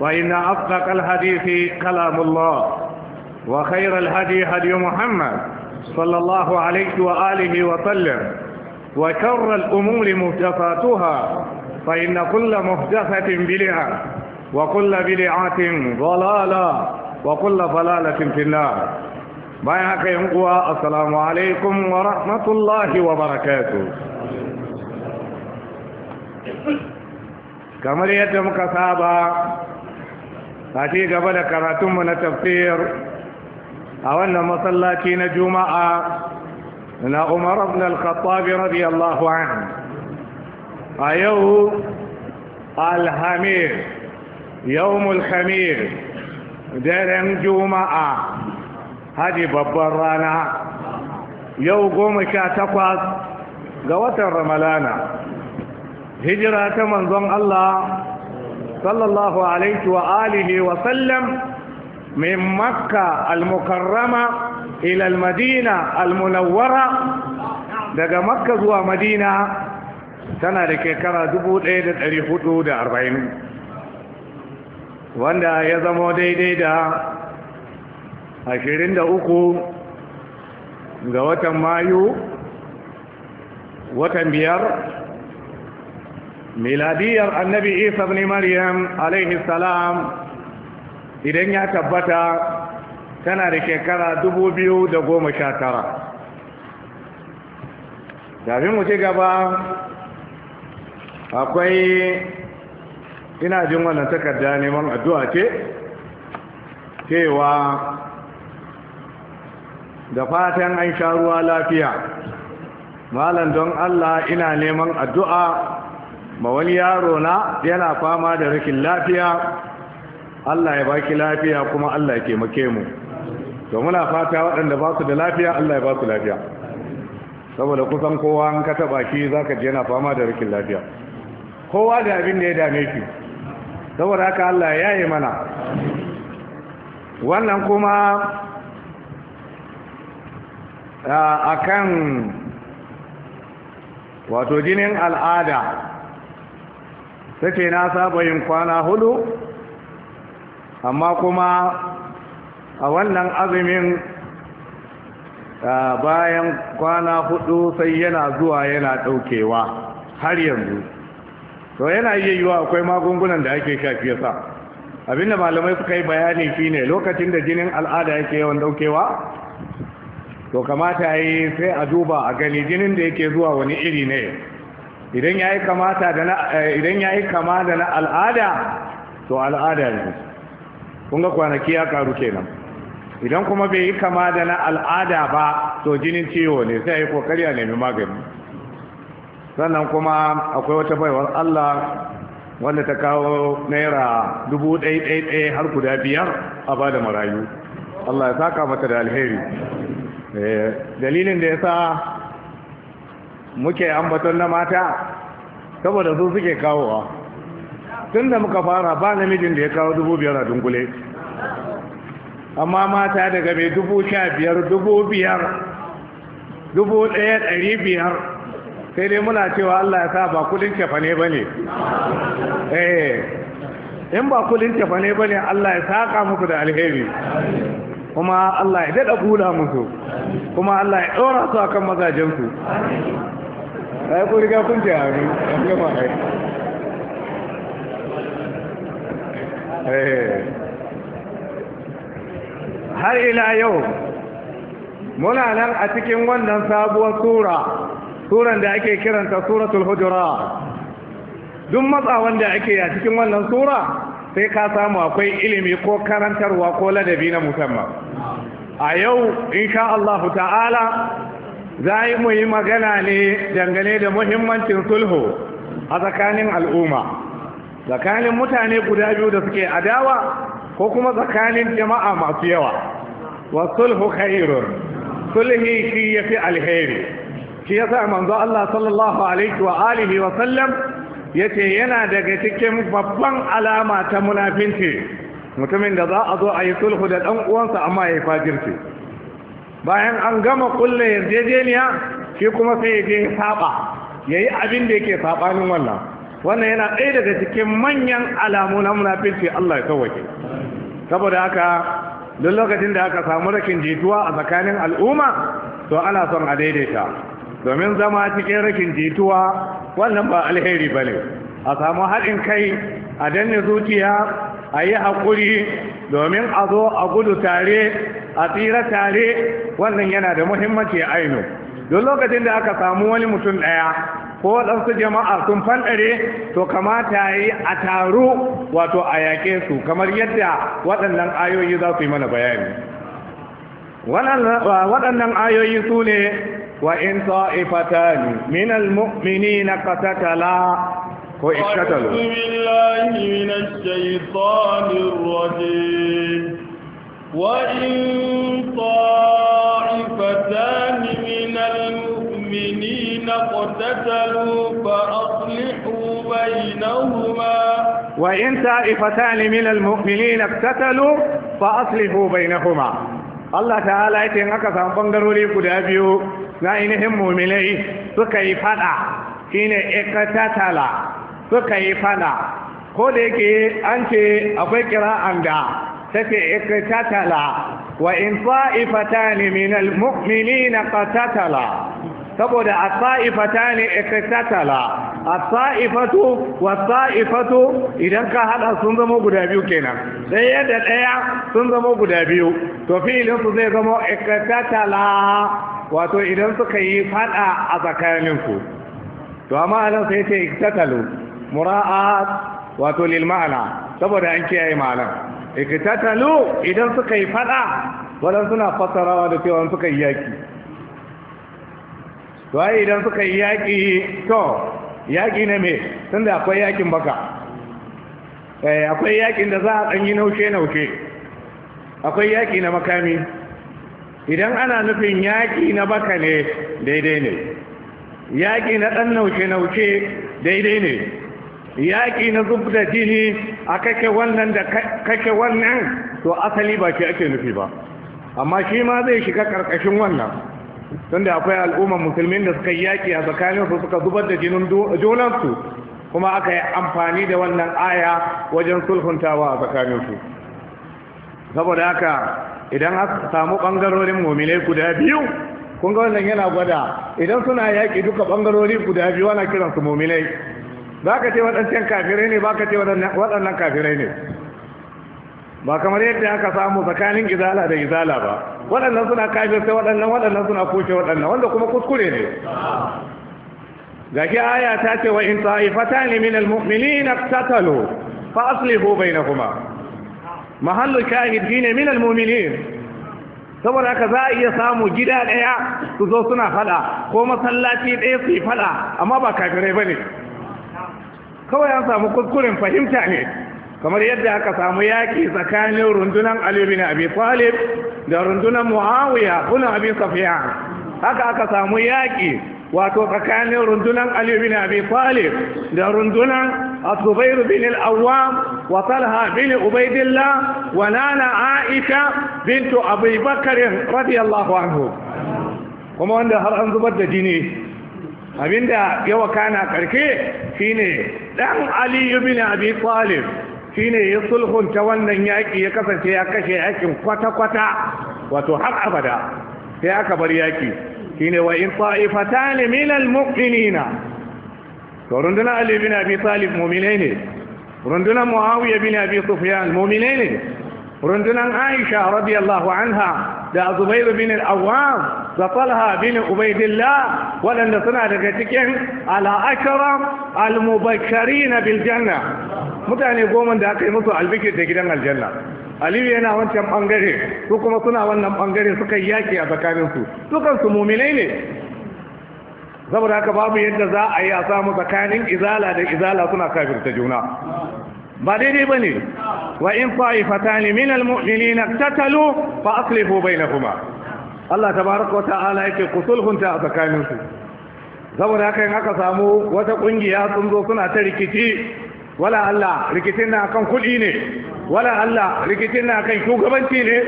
فإن أصدق الحديث كلام الله وخير الهدي هدي محمد صلى الله عليه وآله وسلم وشر الأمور مهدفاتها فإن كل مهدفة بلعة وكل بلعة ضلالة وكل ضلالة في النار بيعك ينقوى السلام عليكم ورحمة الله وبركاته كما yadda muka a ci gaba da karatunmu na tafsir a wannan masallaci na juma'a na umar ibn al radiyallahu anhu a yau alhamir yawmul khamir daren juma'a haji babban rana yau goma sha takwas ga watan ramalana hijira ta manzon Allah sallallahu alaihi wa alihi wa sallam min makka al-mukarrama ila al-madina al-munawwara daga makka zuwa madina tana da shekara 1440 wanda ya zamo daidai da 23 ga watan mayu watan biyar miladiyar annabi isa ibn maryam alaihi salam idan ya tabbata tana da shekara da goma sha tara. mu ci gaba akwai ina jin wannan takarda neman addu'a ce cewa da fatan an sha ruwa lafiya malam don Allah ina neman addu'a ma wani yaro na yana fama da rikin lafiya Allah ya baki lafiya kuma Allah ya taimake mu to muna fata waɗanda ba su da lafiya Allah ya ba su lafiya saboda kusan kowa an kata baki zaka ji yana fama da rikin lafiya kowa da abin da ya dame shi saboda haka Allah ya yi mana wannan kuma akan wato jinin al'ada sai na saba yin kwana hudu amma kuma a wannan azumin bayan kwana hudu sai yana zuwa yana daukewa har yanzu to yana iya yiwa akwai magungunan da ake shafi sa abinda malamai suka yi bayani shine lokacin da jinin al'ada yake yawan daukewa to kamata yi sai a duba a gani jinin da yake zuwa wani iri ne idan ya yi eh, kama da na al'ada to al'ada ne kunga kwanaki ya karu kenan idan kuma bai yi kama da na al'ada ba to jinin ciwo ne sai ya yi kokari a nemi magani sannan kuma akwai wata baiwar allah wanda ta kawo naira dubu ɗaiɗaiɗai har guda biyar a ba da marayu allah ya saka mata da alheri eh, dalilin da ya sa muke ambaton na mata saboda su suke kawowa tun da muka fara ba namijin da ya kawo dubu biyar a dunkule amma mata daga mai dubu sha biyar dubu biyar dubu ɗaya dari biyar sai dai muna cewa Allah ya sa ba kudin cefane ba ne eh, in ba kudin cefane ba ne Allah ya saƙa muku da alheri kuma Allah ya daɗa kula musu kuma Allah ya ɗora su a kan mazajensu ai ko riga kun ce an gama ai eh. har ila yau muna nan a cikin wannan sabuwar sura suran da ake kiranta suratul hujura duk matsawan da ake a cikin wannan sura sai ka samu akwai ilimi ko karantarwa ko ladabi na musamman a yau insha Allah ta'ala za mu yi magana ne dangane da muhimmancin sulhu a tsakanin al'umma tsakanin mutane guda biyu da suke adawa ko kuma tsakanin jama'a masu yawa wa sulhu khairun sulhi shi yafi alheri shi yasa manzo Allah sallallahu alaihi wa alihi wa sallam yace yana daga cikin babban alama ta munafinci mutumin da za a zo a yi sulhu da ɗan uwansa amma ya fajirce bayan an gama kulle yarjejeniya shi kuma sai ya je saba ya yi abin da yake sabanin wannan wannan yana ɗaya daga cikin manyan alamu na munafirci Allah ya kawake saboda haka duk lokacin da aka samu rakin jituwa a tsakanin al'umma to ana son a daidaita domin zama cikin rakin jituwa wannan ba alheri bane a samu haɗin kai a danne zuciya a yi haƙuri domin a zo a gudu tare a tsira tare wannan yana da muhimmanci a ainu don lokacin da aka samu wani mutum ɗaya ko waɗansu jama'a sun fanɗare to kamata yi a taru wato a yaƙe su kamar yadda waɗannan ayoyi za su yi mana bayani waɗannan ayoyi su ne wa in ta'ifatani minal mu'minina qatatala ko أعوذ بالله من الشيطان الرجيم وإن طائفتان من المؤمنين اقتتلوا فأصلحوا بينهما وإن طائفتان من المؤمنين اقتتلوا فأصلحوا بينهما الله تعالى ya ce in aka samu bangarori guda biyu na ainihin muminai suka yi suka yi fada ko da yake an ce akwai kira'an da take iktatala wa in ta'ifatan min almu'minina qatatala saboda at ne iktatala at-ta'ifatu was-ta'ifatu idan ka hada sun zama guda biyu kenan daya da daya sun zama guda biyu to filinsu su zai zama tatala wato idan suka yi fada a tsakaninku to amma anan sai ce iktatalu mura'at wato lil ma'ana saboda an kiyaye malam iktatalu idan suka yi fada wadan suna fasarawa da cewa suka yi yaki to ai idan suka yi yaki to yaki ne me tunda akwai yakin baka eh akwai yakin da za a dan yi naushe naushe akwai yaki na makami idan ana nufin yaki na baka ne daidai ne yaƙi na ɗan naushe-naushe daidai ne yaƙi na zub da jini a kake wannan da kake wannan to asali ba shi ake nufi ba amma shi ma zai shiga ƙarƙashin wannan tunda akwai al'ummar musulmin da suka yaƙi a tsakaninsu suka zubar da jinin junansu kuma aka yi amfani da wannan aya wajen sulhuntawa a tsakaninsu saboda haka idan aka samu ɓangarorin mumilai guda biyu kun ga wannan yana gwada idan suna yaƙi duka ɓangarori guda biyu ana kiransu muminai ba ka ce waɗancan kafirai ne ba ka ce waɗannan kafirai ne ba kamar yadda aka samu tsakanin izala da izala ba waɗannan suna sai waɗannan waɗannan suna kushe waɗannan wanda kuma kuskure ne ke aya ta ce wa in ne min al na tattalo fa na kuma mahallu shahid shine min al-mu'minin saboda haka za a iya samu gida ɗaya su zo suna fada ko masallaci ɗaya su yi fada amma ba kafirai ba ne. kawai an samu kuskuren fahimta ne kamar yadda aka samu yaƙi tsakanin rundunan Ali bin Abi Talib da rundunan Muawiya bin Abi Safiya, haka aka samu yaƙi wato tsakanin rundunan Ali bin Abi Talib da rundunan Zubair bin Awa, wa Talha bin Ubaidillah wa Nana Aisha bintu Abi Bakr radiyallahu anhu kuma wanda har an zubar da jini abinda yawa kana karke shine dan Ali ibn Abi Talib shine ya sulhunta wannan yaki ya kasance ya kashe yakin kwata-kwata wato har abada sai aka bar yaki shine wa in ta'ifatan min al-mu'minina to runduna Ali ibn Abi Talib mu'minai ne runduna Muawiya ibn Abi Sufyan mu'minai ne rundunan Aisha radiyallahu anha da Zubairu bin al-Awwam da Talha bin Ubaidillah waɗanda suna daga cikin al-akram al-mubakkarin mutane goma da aka yi musu albikir da gidan aljanna aliyu yana wancan bangare su kuma suna wannan ɓangare suka yaki a tsakaninsu dukansu muminai ne saboda haka babu yadda za a yi a samu tsakanin izala da izala suna kafirta juna ba daidai ba ne wa in fa'ifata ne min almu'mini na tattalo fa ko bai na kuma Allah ta baraka wata ala yake ku sulhunta a tsakaninsu saboda haka in aka samu wata ƙungiya sun zo suna ta rikici wala Allah rikicin na kan kuɗi ne wala Allah rikicin na kan shugabanci ne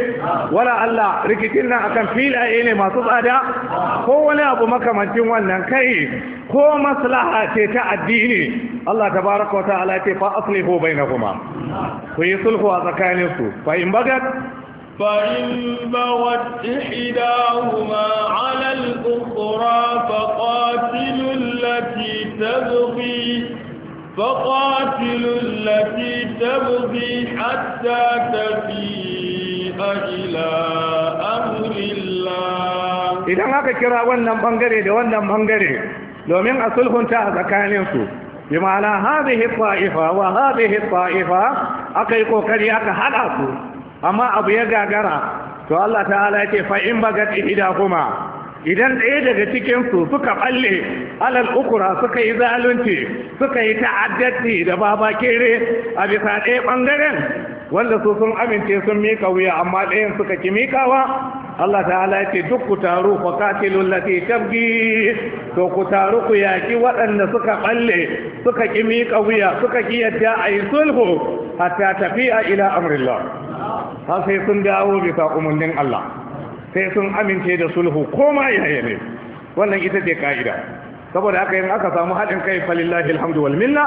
wala Allah rikicin na kan filaye ne masu tsada ko wani abu makamancin wannan kai ko maslaha ce ta addini Allah tabaraka wa ta'ala ce fa aslihu bainahuma ku yi sulhu a tsakaninsu fa in bagat فإن بغت إحداهما على الأخرى فقاتلوا التي تبغي فقاتلوا التي تبغي حتى تفيء إلى أمر الله إذا ما كرا ونن بانغري دي ونن بانغري domin a sulhunta a tsakaninsu Imana ma'ana hadhihi ta'ifa wa hadhihi ta'ifa akai kokari aka haɗa su amma abu ya gagara to Allah ta'ala yake fa in idan ɗaya daga cikinsu suka balle alal ukura suka yi zalunci suka yi ta'addati da baba kere a bisa ɗaya ɓangaren wanda su sun amince sun mika wuya amma ɗayan suka ki mikawa Allah ta'ala ce duk ku taru ku katilul lati tabgi to ku taru ku yaki waɗanda suka balle suka ki mika wuya suka ki yadda a yi sulhu hatta tafiya ila amrillah har sai sun dawo bisa umarnin Allah sai sun amince da sulhu ko ma yaya ne wannan ita ce ka'ida saboda aka yin aka samu haɗin kai falillahi alhamdu wal minna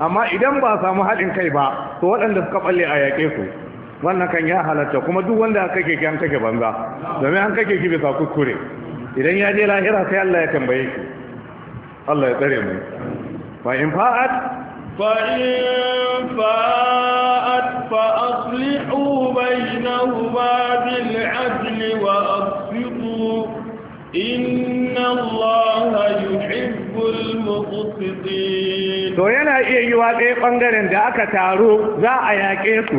amma idan ba samu haɗin kai ba to waɗanda suka balle a yaƙe su wannan kan ya halatta kuma duk wanda aka keke an kake banza domin an kake ki bisa kuskure idan ya je lahira sai Allah ya tambaye ki Allah ya tsare mu fa in fa'at فإن فاءت فأصلحوا بينهما بالعدل وأقسطوا إن الله يحب المقسطين to yana iya yiwa ɗaya ɓangaren da aka taru za a yaƙe su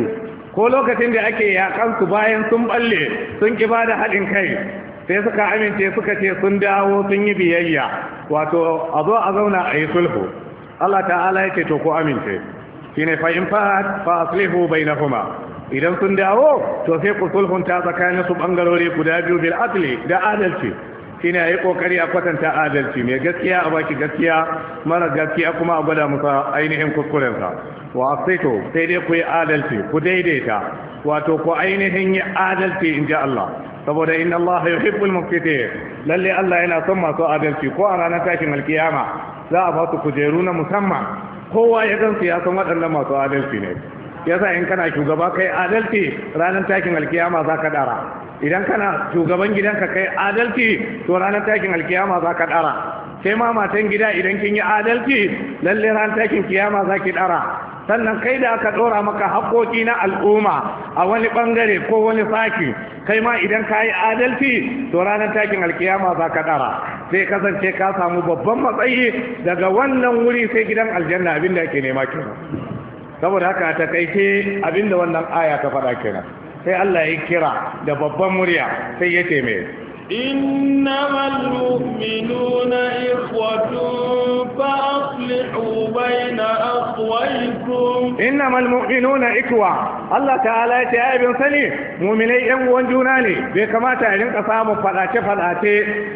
ko lokacin da ake yaƙansu su bayan sun balle sun ki ba da haɗin kai sai suka amince suka ce sun dawo sun yi biyayya wato a zo a zauna a yi sulhu Allah ta'ala ya ce to ko amince shine fa in fa fa aslihu bainahuma idan sun dawo to sai ku sulhunta tsakanin su bangarori guda biyu bil adli da adalci a yi kokari a kwatanta adalci mai gaskiya a baki gaskiya mara gaskiya kuma a gwada masa ainihin kuskurensa wa asaitu sai dai ku yi adalci ku daidaita wato ku ainihin yi adalci in ji Allah saboda inna Allah yuhibbul muqsitin lalle Allah yana son masu adalci ko a ranar tashin alkiyama za a ba su kujeru na musamman kowa ya gansu ya san waɗannan masu adalci ne yasa in kana shugaba kai adalci ranar takin alkiyama za ka dara idan kana shugaban gidanka kai adalci to ranar takin alkiyama za ka dara sai ma matan gida idan kin yi adalci lalle ranar takin kiyama za ki dara sannan kai da aka ɗora maka haƙoƙi na al'umma a wani bangare ko wani saki kai ma idan ka yi adalci to ranar takin alkiyama za ka ɗara sai kasance ka samu babban matsayi daga wannan wuri sai gidan aljanna abin da ake nema kenan saboda haka ta takaice abinda wannan aya ta faɗa kenan sai Allah ya kira da babban murya sai ya ce mai innamal mu'minuna ikhwatun fa aslihu baina akhwaykum innamal mu'minuna ikwa Allah ta'ala ya ce ayyabin sani mu'minai yan uwan juna ne bai kamata a rinka samun faɗace-faɗace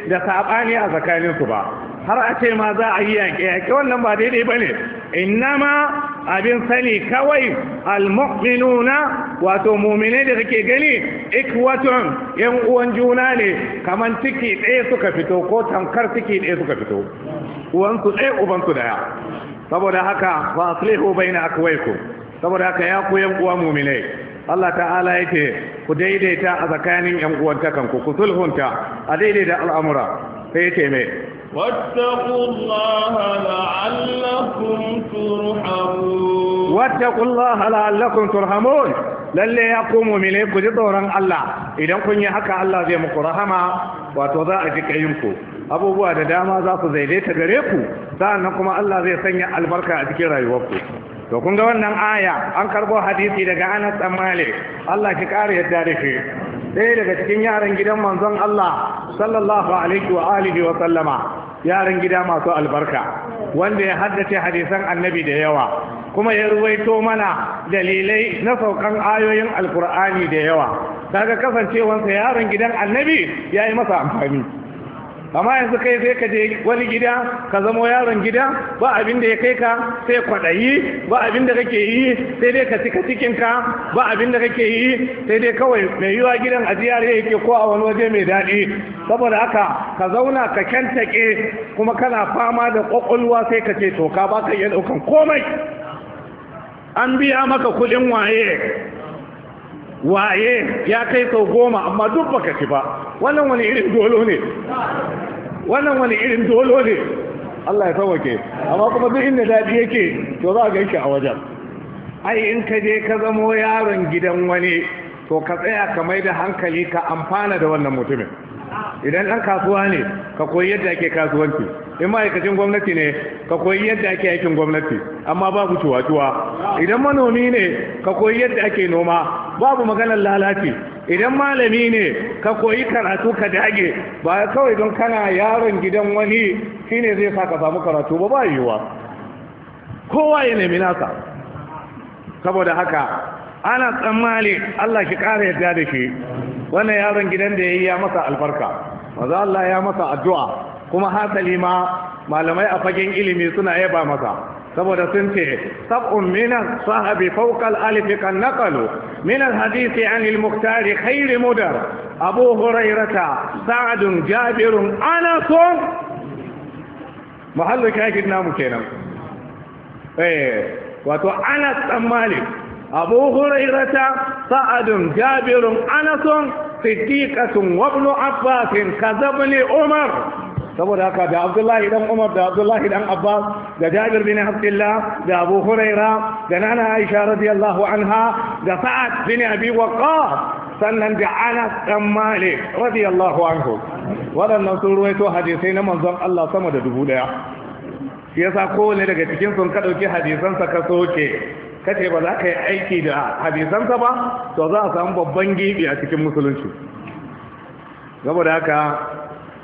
da sabani a tsakaninsu ba har a ce ma za a yi yaƙe-yaƙe wannan ba daidai ba ne ma abin sani kawai almu'minuna wato muminai da kake gani ikwaton yan uwan juna ne kamar ciki ɗaya suka fito ko tamkar ciki ɗaya suka fito uwansu ɗaya ubansu daya saboda haka bai na aka waiku. saboda haka ya ku yan uwa muminai. Allah ta'ala yake ku daidaita a tsakanin yan uwan ku sulhunta a daidai da al'amura sai yake mai واتقوا الله لعلكم ترحمون lalle ya komo mene ku ji tsoron Allah idan kun yi haka Allah zai muku rahama wato za a ji kayinku abubuwa da dama za ku zaidaita gare ku sa'annan kuma Allah zai sanya albarka a cikin rayuwarku to kun ga wannan aya an karbo hadisi daga Anas dan Malik Allah ki kare yadda da shi ɗaya daga cikin yaran gidan manzon Allah sallallahu alaihi wa alihi wa sallama yaran gida masu albarka wanda ya haddace hadisan annabi da yawa kuma ya ruwaito mana dalilai na saukan ayoyin alkur'ani da yawa daga kasancewansa yaron gidan annabi ya yi masa amfani amma yanzu kai sai ka je wani gida ka zamo yaron gida ba abin da ya kai ka sai kwaɗayi ba abin da kake yi sai dai ka cika cikinka ba abin da kake yi sai dai kawai mai yiwa gidan a jiyar yake ko a wani waje mai daɗi saboda haka ka zauna ka kyantake kuma kana fama da ƙwaƙwalwa sai ka ce to ka ba ka iya ɗaukan komai an biya maka kuɗin waye waye ya kai sau goma amma duk baka ci ba wannan wani irin dolo ne wannan wani irin dolo ne Allah ya sauke amma kuma duk inda daɗi yake to za ga shi a wajen ai in ka je ka zamo yaron gidan wani to ka tsaya ka mai da hankali ka amfana da wannan mutumin idan ɗan kasuwa ne ka koyi yadda ake kasuwanci in ma'aikacin gwamnati ne ka koyi yadda ake aikin gwamnati amma babu cuwa-cuwa idan manomi ne ka koyi yadda ake noma babu maganar lalace. idan malami ne ka koyi karatu ka dage ba kawai don kana yaron gidan wani shine zai sa ka samu karatu ba ba yiwuwa kowa ya nemi nasa saboda haka ana tsammani Allah shi ƙara yadda da shi wannan yaron gidan da ya yi ya masa albarka maza Allah ya masa addu'a kuma hasali ma malamai a fagen ilimi suna yaba masa saboda sun ce sab'un minan sahabi fawqal alif kan naqalu min alhadith an almukhtar khair mudar abu hurairata sa'adun jabirun anasun mahallu kakin namu kenan eh wato anas dan malik abu hurairata sa'adun jabirun anasun siddiqatun wa ibn abbas kazabni umar saboda haka da abdullahi dan umar da abdullahi dan abbas da jabir bin abdullah da abu huraira da nana aisha radiyallahu anha da sa'ad bin abi waqqas sannan da anas dan malik radiyallahu anhu waɗannan sun ruwaito hadisai na manzon Allah sama da dubu daya shi yasa kowane daga cikin sun ka ɗauki hadisansa ka soke kace ba za ka yi aiki da hadisansa ba to za a samu babban gibi a cikin musulunci da haka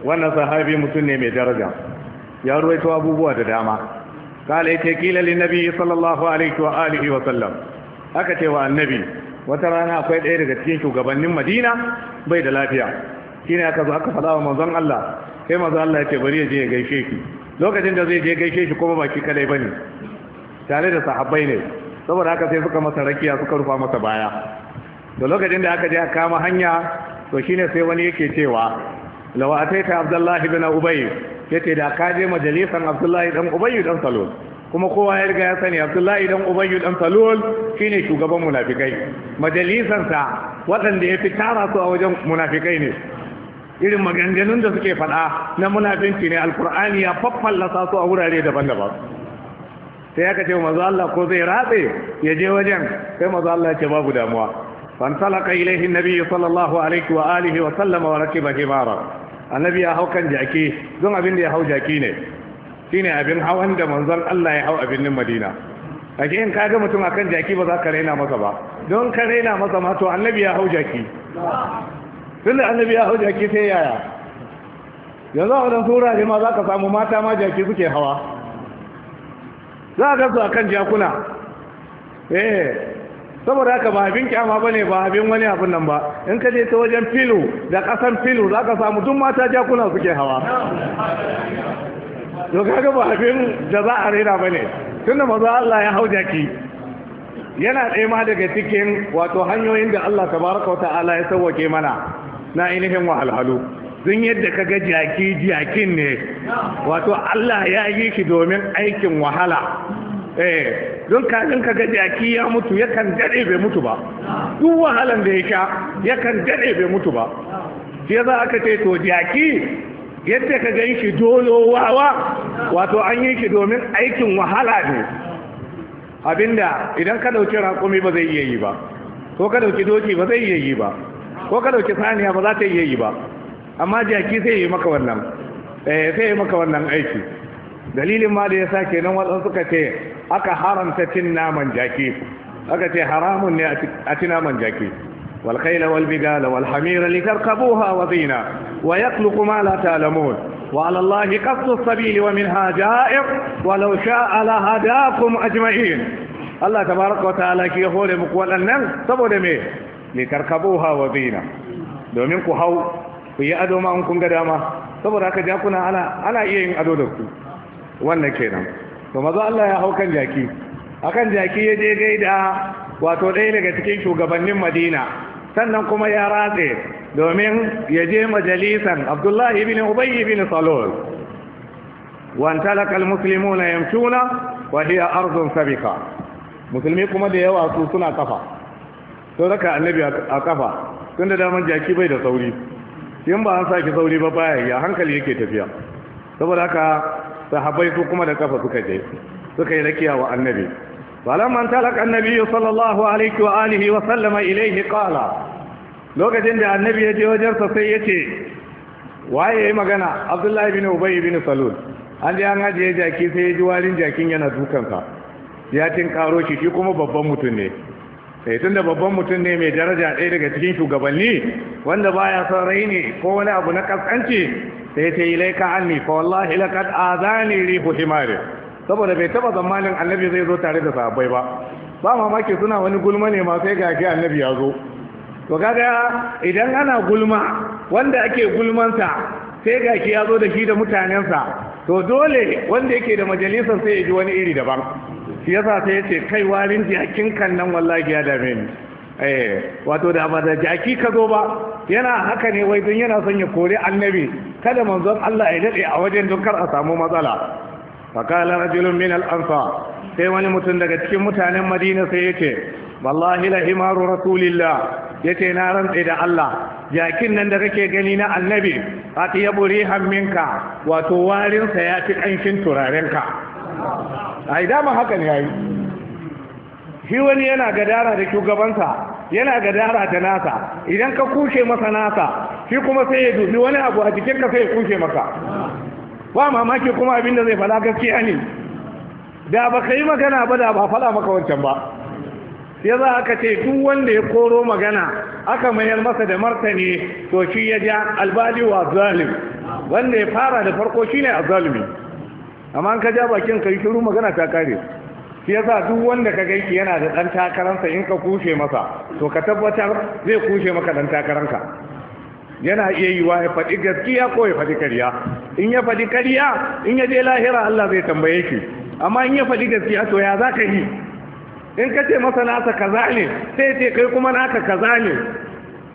wannan sahabi mutum ne mai daraja ya ruwaito abubuwa da dama kala yake kila lin nabi sallallahu alaihi wa alihi wa sallam aka ce wa annabi wata rana akwai ɗaya daga cikin shugabannin madina bai da lafiya shine aka zo aka faɗa wa manzon Allah sai manzon Allah ya ce bari ya je ya gaishe shi. lokacin da zai je gaishe shi kuma baki kadai bane tare da sahabbai ne saboda haka sai suka masa rakiya suka rufa masa baya da lokacin da aka je aka kama hanya to shine sai wani yake cewa law ta abdullah ibn ubay yace da ka je majalisan abdullahi dan ubay dan salul kuma kowa ya riga ya sani abdullahi dan ubayyu dan salul shine shugaban munafikai sa waɗanda ya fi tara su a wajen munafikai ne irin maganganun da suke faɗa na munafinci ne alkur'ani ya faffallasa su a wurare daban-daban sai aka ce manzo Allah ko zai ratse ya je wajen sai manzo Allah ce babu damuwa fansalaka ilaihi annabi sallallahu alaihi wa alihi wa sallama wa rakiba himara annabi ya hau kan jaki don abin da ya hau jaki ne shine abin hawan da manzon Allah ya hau abin birnin Madina ake in kaga ga mutum akan jaki ba za ka raina masa ba don ka raina masa ma to annabi ya hau jaki tunda annabi ya hau jaki sai yaya yanzu a wadansu wurare ma za ka samu mata ma jaki suke hawa za a gansu a kan jakuna eh saboda haka ba abin kyama ba ne ba abin wani abin nan ba in ka je ta wajen filu da kasan filu za ka samu duk mata jakuna suke hawa to kaga ba abin da za a rera ba ne tunda maza Allah ya hau jaki yana ɗaya daga cikin wato hanyoyin da Allah tabaraka wa ta'ala ya sauwake mana na ainihin wahalhalu don yadda ka ga jaki jakin ne wato Allah ya yi shi domin aikin wahala eh don kafin ka ga jaki ya mutu yakan daɗe bai mutu ba duk wahalan da ya sha yakan daɗe bai mutu ba sai za ka ce to jaki yadda ka gan shi dolowawa wato an yi shi domin aikin wahala ne abinda idan ka dauki raƙumi ba zai iya yi ba ko ka dauki doki ba zai iya yi ba ko ka dauki saniya ba za ta iya yi ba amma jaki sai yi maka wannan eh, sai yi maka wannan aiki dalilin ma da ya sa kenan waɗansu suka ce aka haramta cin naman jaki aka ce haramun ne a ci naman jaki wal khayla wal bigala wal hamira litarkabuha wa zina wa yakhluqu ma la ta'lamun wa 'ala allahi qasdu as-sabil wa minha ja'ir wa law sha'a la hadakum ajma'in Allah tabaraka wa ta'ala ki hore muku waɗannan saboda me likarkabuha wa zina domin ku hau ku yi ado ma kun ga dama saboda haka jakuna ana ana iya yin ado da ku wannan kenan to maza Allah ya hau kan jaki akan jaki ya je gaida wato ɗaya daga cikin shugabannin Madina sannan kuma ya ratse domin ya je majalisan Abdullahi ibn Ubay ibn Salul wa antalaka almuslimuna yamshuna wa hiya ardun sabiqa musulmi kuma da yawa su suna kafa to raka annabi a kafa tunda daman jaki bai da sauri in ba an saki sauri ba baya ya hankali yake tafiya saboda haka sahabbai su kuma da kafa suka je suka yi rakiya wa annabi man talak annabi sallallahu alaihi wa alihi wa sallama ilaihi qala lokacin da annabi ya je wajen sa sai yace waye yayi magana abdullahi ibn ubay ibn salul an je an ajiye jaki sai ya ji warin jakin yana dukan sa ya tin karo shi shi kuma babban mutum ne sai eh, tun da babban mutum ne mai daraja ɗaya daga cikin shugabanni wanda baya son raini ko wani abu na kaskanci sai ta yi laika anni fa wallahi laqad azani rihu himari saboda bai taba zamanin annabi zai zo tare da sahabbai ba ba mamaki suna wani gulma ne ma sai gafi annabi ya zo to kaga idan ana gulma wanda ake gulmansa sai gaki ya zo da shi da mutanensa to dole wanda yake da majalisar sai ya ji wani iri daban shi yasa sai yace kai warin jakin kan nan wallahi ya dame ni eh wato da ba da jaki ka zo ba yana haka ne wai don yana son ya kore annabi kada manzon Allah ya dade a wajen don kar a samu matsala fakala rajulun min al sai wani mutum daga cikin mutanen Madina sai yace wallahi la himaru rasulillah yace na rantsa da Allah jakin nan da kake gani na annabi ati yaburi hamminka wato warin sa fi kanshin turarenka ai dama haka ne yayi shi wani yana gadara da shugabansa yana gadara da nasa idan ka kushe masa nasa shi kuma sai ya dubi wani abu a jikinka sai ya kushe maka ba mamaki kuma abin da zai fada gaskiya ne da ba ka yi magana ba da ba fada maka wancan ba ya za aka ce duk wanda ya koro magana aka mayar masa da martani to shi ya ja albali wa zalim wanda ya fara da farko shine azzalimi amma ka ja bakin ka yi shiru magana ta kare shi yasa duk wanda ka gaiki yana da dan takaransa in ka kushe masa to ka tabbatar zai kushe maka dan takaranka yana iya yi wa ya faɗi gaskiya ko ya faɗi kariya. in ya faɗi kariya in ya je lahira Allah zai tambaye ki amma in ya faɗi gaskiya to ya za ka yi in ka ce masa nasa kaza ne sai ce kai kuma naka kaza ne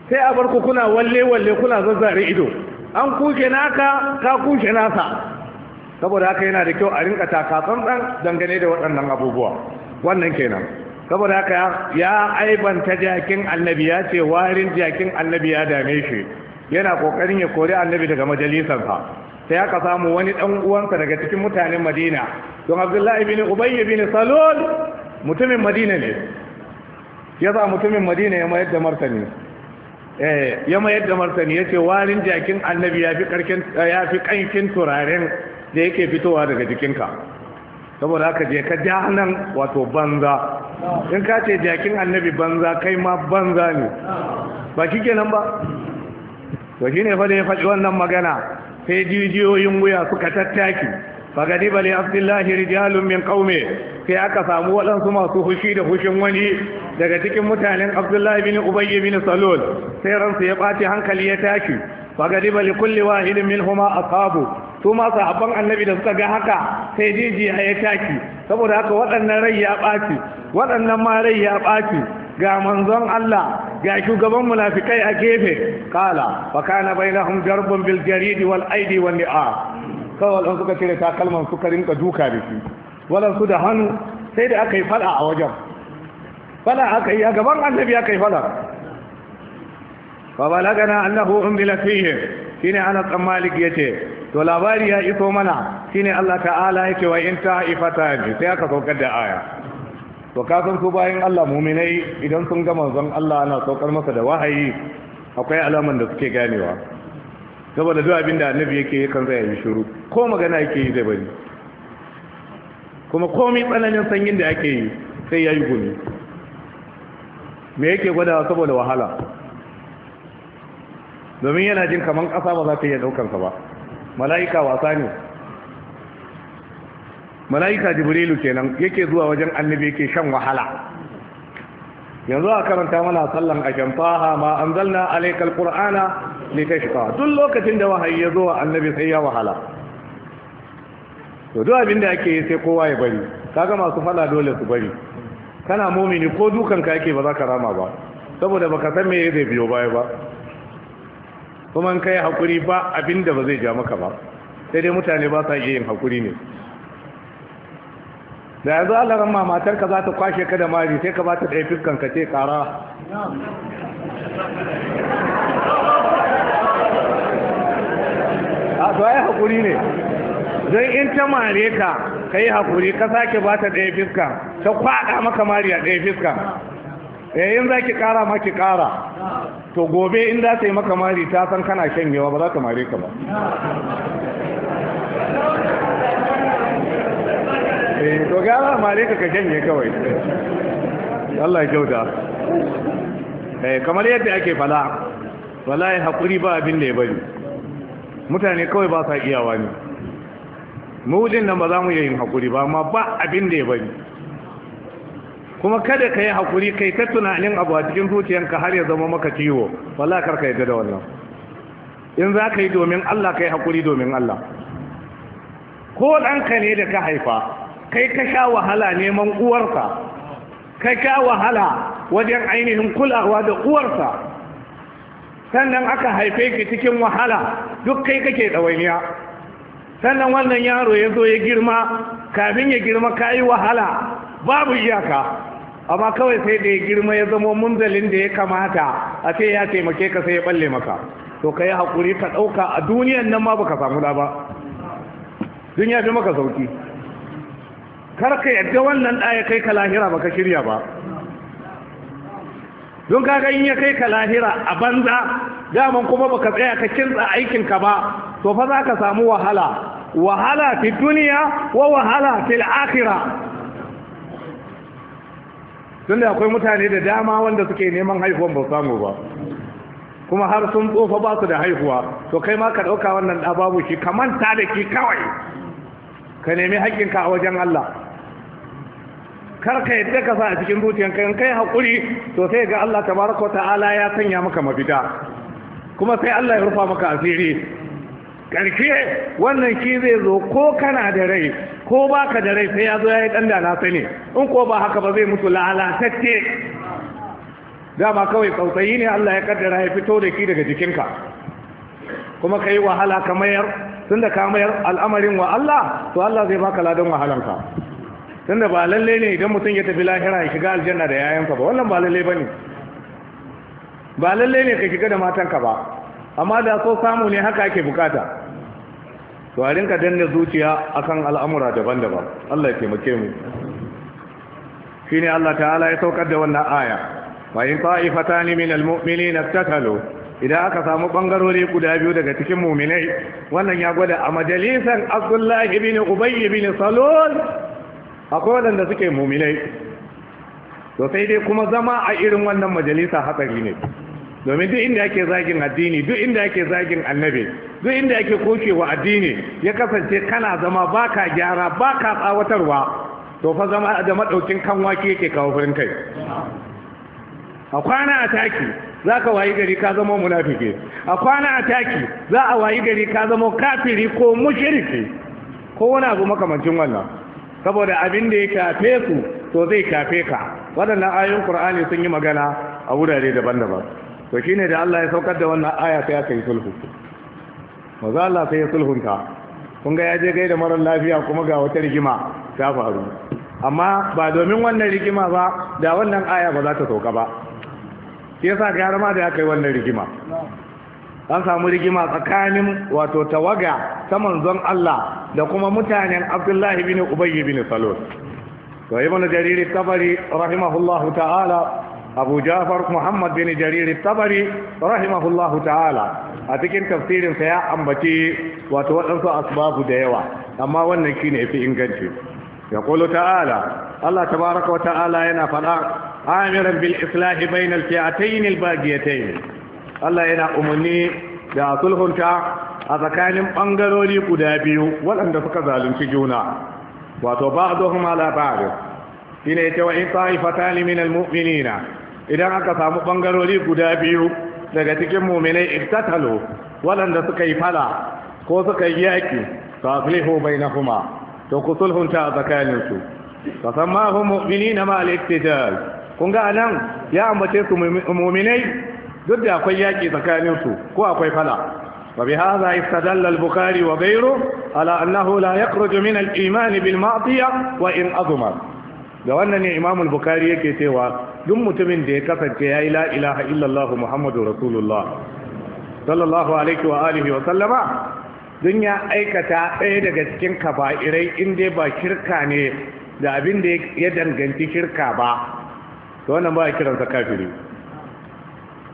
sai a barku kuna walle walle kuna zazzare ido an kushe naka ka kushe nasa saboda haka yana da kyau a rinka takatsan dan dangane da waɗannan abubuwa wannan kenan saboda haka ya aibanta jakin annabi ya ce warin jakin annabi ya dame shi yana kokarin ya kori annabi daga majalisarsa sai aka samu wani dan uwansa daga cikin mutanen Madina don Abdullahi bin ubayy bin Salul mutumin Madina ne ya za mutumin Madina ya mayar da martani eh ya mayar da martani yace warin jakin annabi ya fi karkin ya fi kankin turaren da yake fitowa daga jikinka saboda haka je ka ja nan wato banza in ka ce jakin annabi banza kai ma banza ne ba kike nan ba to shi ne fa da ya faɗi wannan magana sai jijiyoyin wuya suka tattaki ni bale abdullahi rijalun min qaumi sai aka samu waɗansu masu hushi da hushin wani daga cikin mutanen abdullahi bin ubayy bin salul sai ransu ya ɓaci hankali ya tashi ni bale kulli wahidin minhuma asabu su ma sahabban annabi da suka ga haka sai jijiya ya taki saboda haka waɗannan rai ya ɓaci waɗannan ma rai ya ɓaci ga manzon Allah ga shugaban munafikai a gefe kala fa kana bainahum jarbun bil jarid wal aidi wal li'a kawai an suka cire takalman suka rinka duka da shi walan su da hannu sai da aka yi a wajen fada aka yi a gaban annabi aka yi fa balagana annahu fihi shine ana tsammalik yace to labari ya iso mana shine Allah ta'ala yake wa in ta'ifatan sai aka saukar da aya to ka san su bayan Allah mu'minai idan sun gama zan Allah ana saukar masa da wahayi akwai alaman da suke ganewa saboda duk abin da annabi yake kan zai yi shiru ko magana yake yi zai bari kuma komai tsananin sanyin da ake yi sai ya yi gumi me yake gwadawa saboda wahala domin yana jin kamar ƙasa ba za ta iya ɗaukarsa ba mala'ika wasa ne mala'ika jibrilu kenan yake zuwa wajen annabi yake shan wahala yanzu a karanta mana sallan a shamfaha ma an alaykal alaikal Kur'ana ne duk lokacin da wahayi ya zo wa annabi sai ya wahala to duk abin da yake sai kowa ya bari kaga masu faɗa dole su bari kana mumini ko dukanka yake ba za ka rama ba saboda baka san me zai biyo baya ba kuma in kai hakuri ba abinda ba zai ja maka ba sai dai mutane ba sa yin hakuri ne da yanzu Allah ran mamatar ka za ta kwashe ka da mari sai ka ba ta ɗaya fiskan ka ce ƙara a to ai hakuri ne don in ta mare ka ka yi hakuri ka sake ba ta ɗaya fiskan ta kwaɗa maka mari a ɗaya fiskan yayin eh, za ki kara ma ki kara to gobe in za ta yi maka mari ta san kana shanyewa ba za ka mare ka ba eh, to gara mare ka ka shanye kawai Allah ya kyauta eh, kamar yadda ake fala wallahi hakuri ba abin da ya bari mutane kawai ba sa iyawa ne mawujin nan ba za mu yi hakuri ba amma ba abin da ya bari kuma kada ka yi haƙuri kai ta tunanin abu a cikin zuciyanka har ya zama maka ciwo wala kar ka yadda da wannan in za ka yi domin Allah ka yi haƙuri domin Allah ko ɗanka ne da ka haifa kai ka sha wahala neman uwarsa Ka sha wahala wajen ainihin kulawa da uwarsa sannan aka haife ki cikin wahala duk kai kake ɗawainiya sannan wannan yaro ya zo ya girma kafin ya girma ka yi wahala babu iyaka amma kawai sai da ya girma ya zama munzalin da ya kamata a ce ya taimake ka sai ya balle maka to ka yi haƙuri ka ɗauka a duniyan nan ma baka samu da ba dun ya fi maka sauki kar ka yadda wannan ɗaya kai ka lahira baka shirya ba don kaga in ya kai ka lahira a banza daman kuma baka tsaya ka kinsa aikinka ba to fa za ka samu wahala wahala fi duniya wa wahala fil akhirah Tun da akwai mutane da dama wanda suke neman haihuwan ba samu ba kuma har sun tsofa ba su da haihuwa to kai ma ka ɗauka wannan ɗa babu shi ka manta da ki kawai ka nemi haƙƙinka a wajen Allah kar ka yadda ka sa a cikin zuciyanka in kai hakuri to sai ga Allah tabaraka ta'ala ya sanya maka mafita kuma sai Allah ya rufa maka asiri ƙarfe wannan ki zai zo ko kana da rai ko ba ka da rai sai ya zo ya yi ɗan dana sani in ko ba haka ba zai mutu lalatacce dama kawai tsautsayi ne Allah ya kaddara ya fito da ki daga jikinka kuma ka yi wahala ka mayar tun da ka mayar al'amarin wa Allah to Allah zai baka ladan wahalanka tun da ba lalle ne idan mutum ya tafi lahira ya shiga aljanna da 'ya'yansa ba wannan ba lalle ba ne ba lalle ne ka shiga da matanka ba amma da so samu ne haka ake bukata to a rinka danna zuciya akan al'amura daban-daban Allah ya taimake mu shine Allah ta'ala ya saukar da wannan aya wa in ta'ifatan min almu'minina iftatalu idan aka samu bangarori guda biyu daga cikin mu'minai wannan ya gwada a majalisan Abdullah ibn Ubay ibn Salul akwai wanda suke mu'minai to sai dai kuma zama a irin wannan majalisa hatsari ne domin duk inda yake zagin addini duk inda yake zagin annabi duk inda yake wa addini ya kasance kana zama baka gyara baka tsawatarwa to fa zama da madaukin kanwa ke yake kawo furin kai a kwana a taki za ka wayi gari ka zama munafiki a kwana a taki za a wayi gari ka zama kafiri ko mushriki ko wani abu makamancin wannan saboda abin da ya shafe su to zai shafe ka waɗannan ayoyin qur'ani sun yi magana a wurare daban-daban to ne da Allah ya saukar da wannan aya sai aka yi sulhu za Allah sai ya sulhunta kun ga ya je gaida marar lafiya kuma ga wata rigima ta faru amma ba domin wannan rigima ba da wannan aya ba za ta sauka ba shi yasa ga ma da aka yi wannan rigima an samu rigima tsakanin wato tawaga ta manzon Allah da kuma mutanen Abdullahi bin Ubayy bin Salul to ibn Jarir Tabari rahimahullahu ta'ala abu jafar muhammad bin jarir tabari rahimahullahu ta'ala a cikin tafsirinsa ya ambaci wato waɗansu asbabu da yawa amma wannan shine yafi inganci ya ta'ala Allah tabaraka wa ta'ala yana faɗa amiran bil islahi bainal fi'atayn al bagiyatayn Allah yana umarni da sulhunta a tsakanin bangarori guda biyu waɗanda suka zalunci juna wato ba'dhum ala ba'd shine yace wa in ta'ifatan min al mu'minina idan aka samu ɓangarori guda biyu daga cikin muminai irtatalo waɗanda suka yi fada ko suka yi yaƙi faslihu bainahuma to ku sulhunta a tsakaninsu fa sammahu na ma al kun ga anan ya ambace su muminai duk da akwai yaƙi tsakaninsu ko akwai fada وبهذا استدل البخاري وغيره على أنه لا يخرج bil الإيمان wa in أضمر ga wannan ne Imam al-bukhari yake cewa duk mutumin da ya kasance ya yi la ilaha illallah muhammadu rasulullah sallallahu alaihi wa alihi wa sallama dun ya aikata ɗaya daga cikin kafa'irai in dai ba shirka ne da abin da ya danganci shirka ba to wannan ba a kiransa kafiri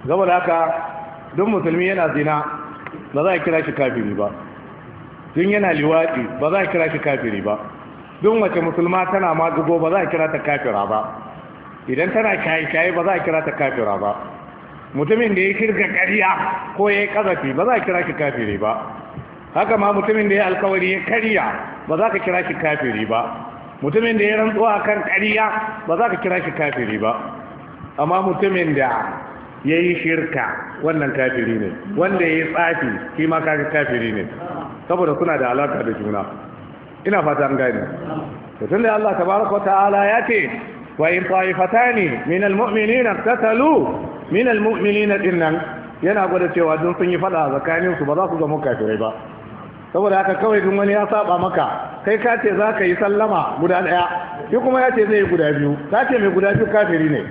saboda haka duk musulmi yana zina ba za a kira shi kafiri ba dun yana liwaɗi ba za a kira shi kafiri ba don wace musulma tana madugo ba za a kira ta kafira ba idan tana shaye-shaye ba za a kira ta kafira ba mutumin da ya shirka kariya ko ya yi ƙazafi ba za a kira shi kafiri ba haka ma mutumin da ya alkawari ya karya ba za ka kira shi kafiri ba mutumin da ya rantsuwa kan karya, ba za ka kira shi kafiri ba amma mutumin da ya yi shirka wannan kafiri ne wanda ya yi tsafi shi ma kafiri ne saboda suna da alaka da juna ina fata an gani to tunda Allah tabaraka wa ta'ala ya ce wa in ta'ifatani min almu'minina qatalu min almu'minina dinnan yana gwada cewa dun sun yi fada zakanin su ba za su zama kafirai ba saboda haka kawai dun wani ya saba maka kai ka ce za ka yi sallama guda daya shi kuma ya ce zai yi guda biyu ka ce mai guda biyu kafiri ne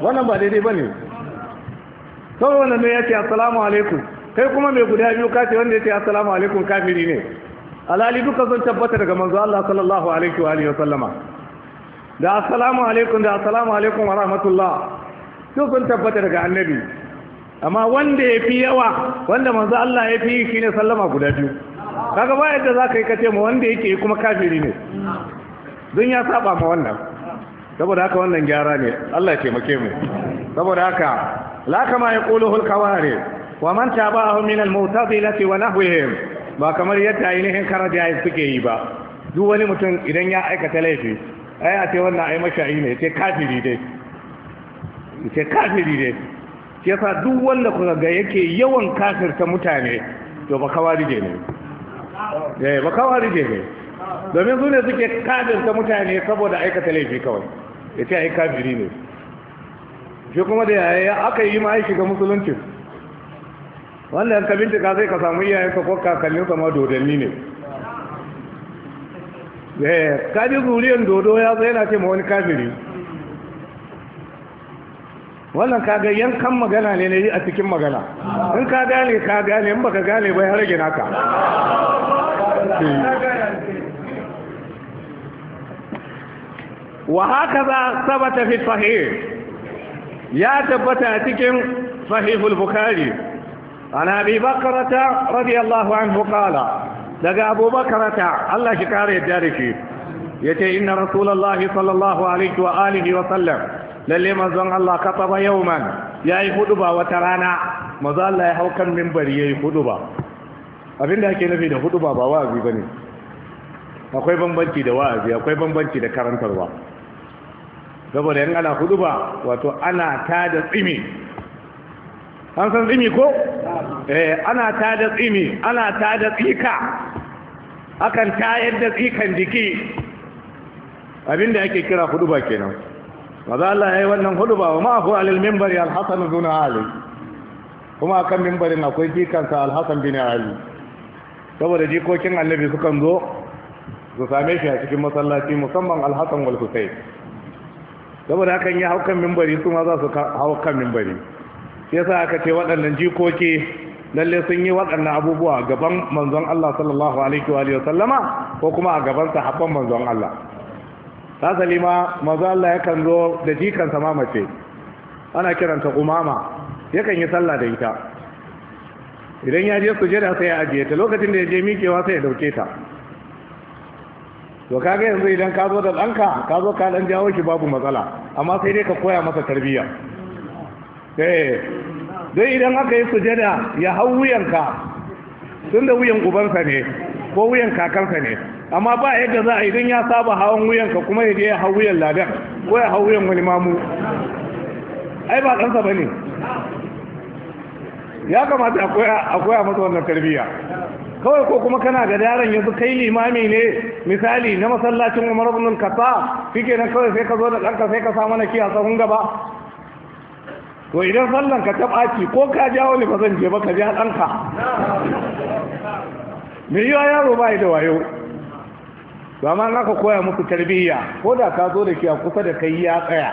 wannan ba daidai ba ne saboda wannan ne ya ce assalamu alaikum kai kuma mai guda biyu kace wanda ya ce assalamu alaikum kafiri ne alali duka zan tabbata daga manzo Allah sallallahu alaihi wa alihi wa sallama da assalamu alaikum da assalamu alaikum wa rahmatullah duk zan tabbata daga annabi amma wanda ya fi yawa wanda manzo Allah ya fi shine sallama guda biyu kaga ba yadda za ka yi kace ma wanda yake kuma kafiri ne don ya saba ma wannan saboda haka wannan gyara ne Allah ya taimake mu saboda haka la kama yaquluhu al kawari wa man tabahu min al-mu'tazilati wa nahwihim ba kamar yadda ainihin karajai suke yi ba duk wani mutum idan ya aikata laifi ai a ce wannan ai mashayi ne ce kafiri dai ce kafiri dai shi fa duk wanda kuka ga yake yawan kafirta mutane to ba kawarije ne eh ba kawarije ne domin su ne suke kafirta mutane saboda aikata laifi kawai ya ce ai kafiri ne shi kuma da yaya aka yi ma ai shiga musulunci wanda ka bincika sai ka samu iyayenka ko kakanninsa ma dodanni ne eh kaji zuriyar dodo ya zai na ce ma wani kafiri wannan ga yankan magana ne na yi a cikin magana in ka gane ka gane in baka gane ba ya rage naka wa haka za sabata fi fahim. ya tabbata a cikin fahimul bukari عن أبي بكرة رضي الله عنه قال لقى أبو بكرة الله شكار يجارشي يتي إن رسول الله صلى الله عليه وآله وسلم للي مزن الله كتب يوما يا خدبة وترانا مزال لا يحوكا من بري خدبة abin da ake nufi da hudu ba ba wa'azi bane akwai bambanci da wa'azi akwai bambanci da karantarwa saboda yan ana hudu ba wato ana tada tsimi an san tsimi ko eh ana ta da tsimi ana ta da tsika akan tayar da tsikan jiki abinda yake kira huduba kenan maza Allah ya yi wannan ba wa ma'afu alil alhassan zuna ali kuma akan mimbarin akwai jikansa alhassan bin ali saboda jikokin annabi sukan zo su same shi a cikin masallaci musamman alhassan wal saboda hakan ya hau kan mimbari su ma za su hau kan mimbari Ya sa aka ce waɗannan jikoki lalle sun yi waɗannan abubuwa gaban manzon Allah sallallahu alaihi wa sallama ko kuma a gaban sahabban manzon Allah hasali ma manzon Allah kan zo da jikan ma mace ana kiranta umama ya kan yi sallah da ita idan ya je sujada sai ya ajiye ta lokacin da ya je miƙewa sai ya dauke ta to kaga yanzu idan ka zo da ɗanka ka zo ka ɗan jawo shi babu matsala amma sai dai ka koya masa tarbiyya Eh, dai idan aka yi sujada ya hau wuyanka tun da wuyan ubansa ne ko wuyan kakansa ne amma ba yadda za a idan ya saba hawan wuyanka kuma ya je ya hau wuyan ladan ko ya hau wuyan wani mamu ai ba ɗansa ba ne ya kamata a koya masa wannan tarbiyya kawai ko kuma kana ga yaron yanzu kai limami ne misali na masallacin umar ibn al-khattab shikenan kawai sai ka zo da ɗanka sai ka sa mana sahun gaba to idan sallan ka taɓa ki ko ka ja wani ba zan je ba ka ja ɗanka me yiwa yaro ba da wayo ba ma ka koya muku tarbiyya ko da ka zo da shi a kusa da kai ya tsaya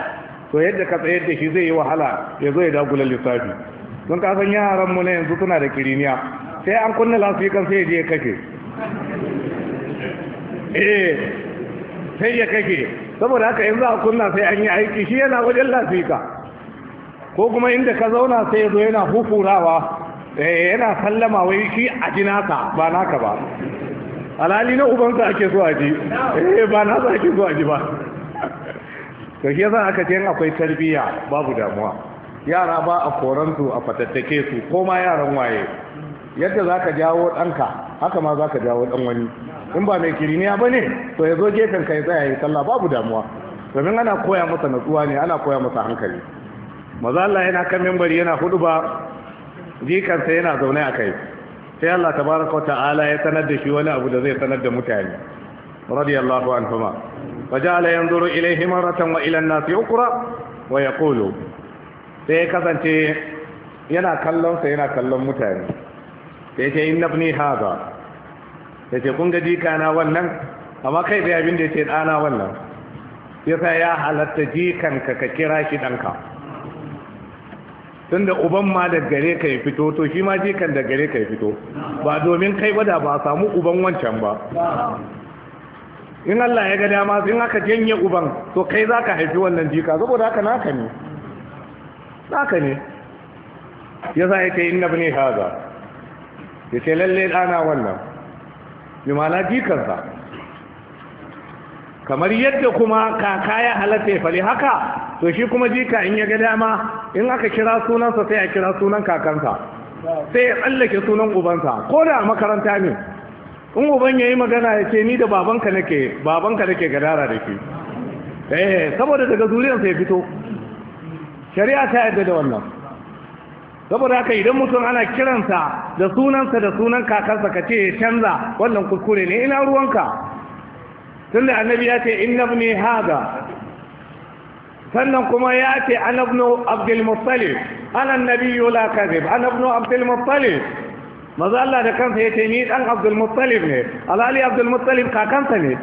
to yadda ka tsayar da shi zai yi wahala ya zo ya dagula lissafi don ka san yaran mu na yanzu suna da kiriniya sai an kunna lasifikan sai ya je ya eh sai ya kake saboda haka yanzu a kunna sai an yi aiki shi yana wajen lasika. ko kuma inda ka zauna sai ya zo yana hufurawa eh, yana sallama wai shi a ji nasa ba naka ba alali na ubansa ake so a ji eh, ba nasa ake so a ji ba to shi yasa aka ce akwai tarbiyya babu damuwa yara ba a koransu a fatattake su ko ma yaran waye yadda za ka jawo ɗanka haka ma za ka jawo ɗan wani in ba mai kiriniya ba ne to ya zo gefen ka ya tsaya ya sallah babu damuwa domin ana koya masa natsuwa ne ana koya masa hankali maza Allah yana kan mimbari yana hudu ba jikarsa yana zaune a kai sai Allah tabaraka ta'ala ya sanar da shi wani abu da zai sanar da mutane radiyallahu anhuma faja'ala yanzuru ilayhi marratan wa ila an-nasi ukhra wa yaqulu sai kasance yana kallon sa yana kallon mutane sai ce inna ibni hadha sai ce kun ga jikana wannan amma kai da abin da yace dana wannan yasa ya halatta jikan ka kira shi danka tun da uban ma da gare ka ya fito to shi ma jikan da gare ka ya fito ba domin kai ba da ba a samu uban wancan ba in Allah ya ga dama in aka janye uban to kai za ka haifi wannan jika saboda haka naka ne naka ne ya za ya ce inna bane haza ya ce lalle dana wannan bi ma'ana jikansa kamar yadda kuma kaka ya halatta ya fali haka to shi kuma jika in ya ga dama in aka kira sunansa sai a kira sunan kakansa sai ya tsallake sunan ubansa ko da makaranta ne in uban ya yi magana ya ce ni da babanka nake babanka nake gadara da ke eh saboda daga zuriyarsa ya fito shari'a ta yarda da wannan saboda haka idan mutum ana kiransa da sunansa da sunan kakansa ka ce ya canza wannan kuskure ne ina ruwanka tunda annabi ya ce inna ibni hada sannan kuma ya ce an abnu abdul muttalib ana nabiyyu la an abnu abdul maza Allah da kansa ya ce ni dan abdul ne alali abdul kakansa ne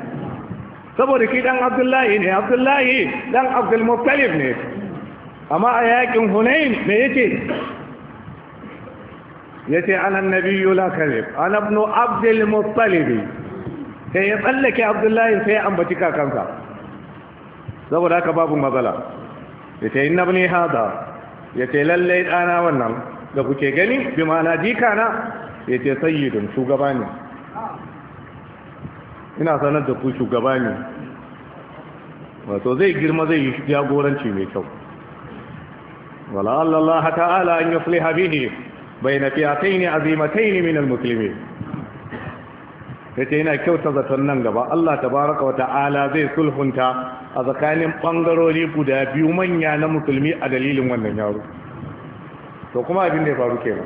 saboda ki dan abdullahi ne abdullahi dan abdul ne amma a yakin hunain me yake yace ana nabiyyu la kadhib ana ibnu abdul muttalib sai ya tsallake abdullahi sai ya ambaci kakansa saboda haka babu matsala ya ce inna bane hada ya ce lallai ɗana wannan da kuke gani bi ma'ana jika na ya ce sayyidun shugaba ne ina sanar da ku shugaba ne wato zai girma zai yi jagoranci mai kyau wala'allallah ta'ala an yi Bai na yusliha bihi bayna fi'atayn azimatayn min al musulmi. ya ce yana kyauta zaton nan gaba Allah baraka wa ta'ala zai sulhunta a tsakanin bangarori guda biyu manya na musulmi a dalilin wannan yaro to kuma abin da ya faru kenan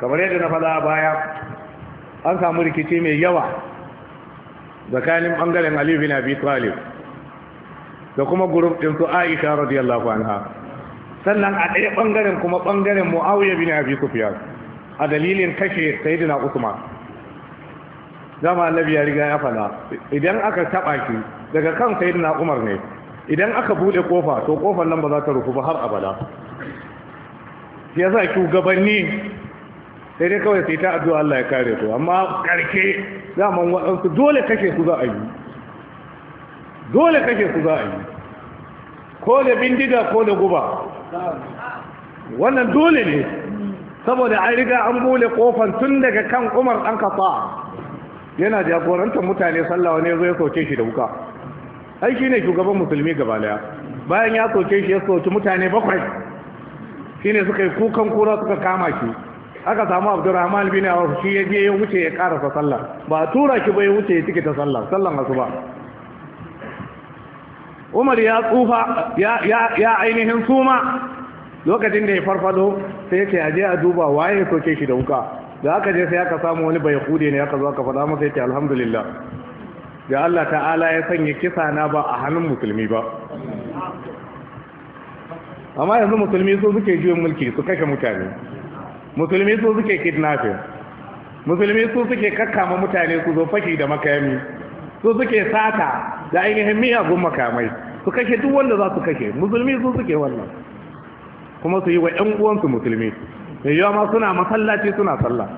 kamar yadda na faɗa baya an samu rikici mai yawa tsakanin bangaren Ali bin Abi Talib da kuma gurup din su Aisha radiyallahu anha sannan a ɗaya bangaren kuma bangaren Muawiya bin Abi Sufyan a dalilin kashe Sayyidina Usman dama annabi ya riga ya fada idan aka taba ki daga kan sayyidina Umar ne idan aka bude kofa to kofar nan ba za ta rufu ba har abada yasa gabanni sai dai kawai sai ta addu'a Allah ya kare ku. amma karke zaman waɗansu dole kashe su za a yi dole kashe su za a yi ko da bindiga ko da guba wannan dole ne saboda an riga an bude kofar tun daga kan umar an kafa yana jagorantar mutane sallah wani ya zo ya soke shi da wuka ai shi ne shugaban musulmi gaba daya bayan ya soke shi ya soki mutane bakwai shi ne suka yi kukan kura suka kama shi aka samu abdurrahman bin awaf shi ya je ya wuce ya karasa sallah ba a tura shi ba ya wuce ya tike ta sallah sallan asuba umar ya tsufa ya ainihin suma lokacin da ya farfado sai ya aje a duba waye soke shi da wuka da aka je sai aka samu wani bai hude ne aka zo aka faɗa masa yake alhamdulillah da Allah ta'ala ya sanya kisa na ba a hannun musulmi ba amma yanzu musulmi su suke juyin mulki su kashe mutane musulmi su suke kidnapping musulmi su suke kakkama mutane su zo fashi da makami su suke sata da ainihin miyagun makamai su kashe duk wanda za su kashe musulmi su suke wannan kuma su yi wa 'yan uwansu musulmi mai yiwa ma suna masallaci suna sallah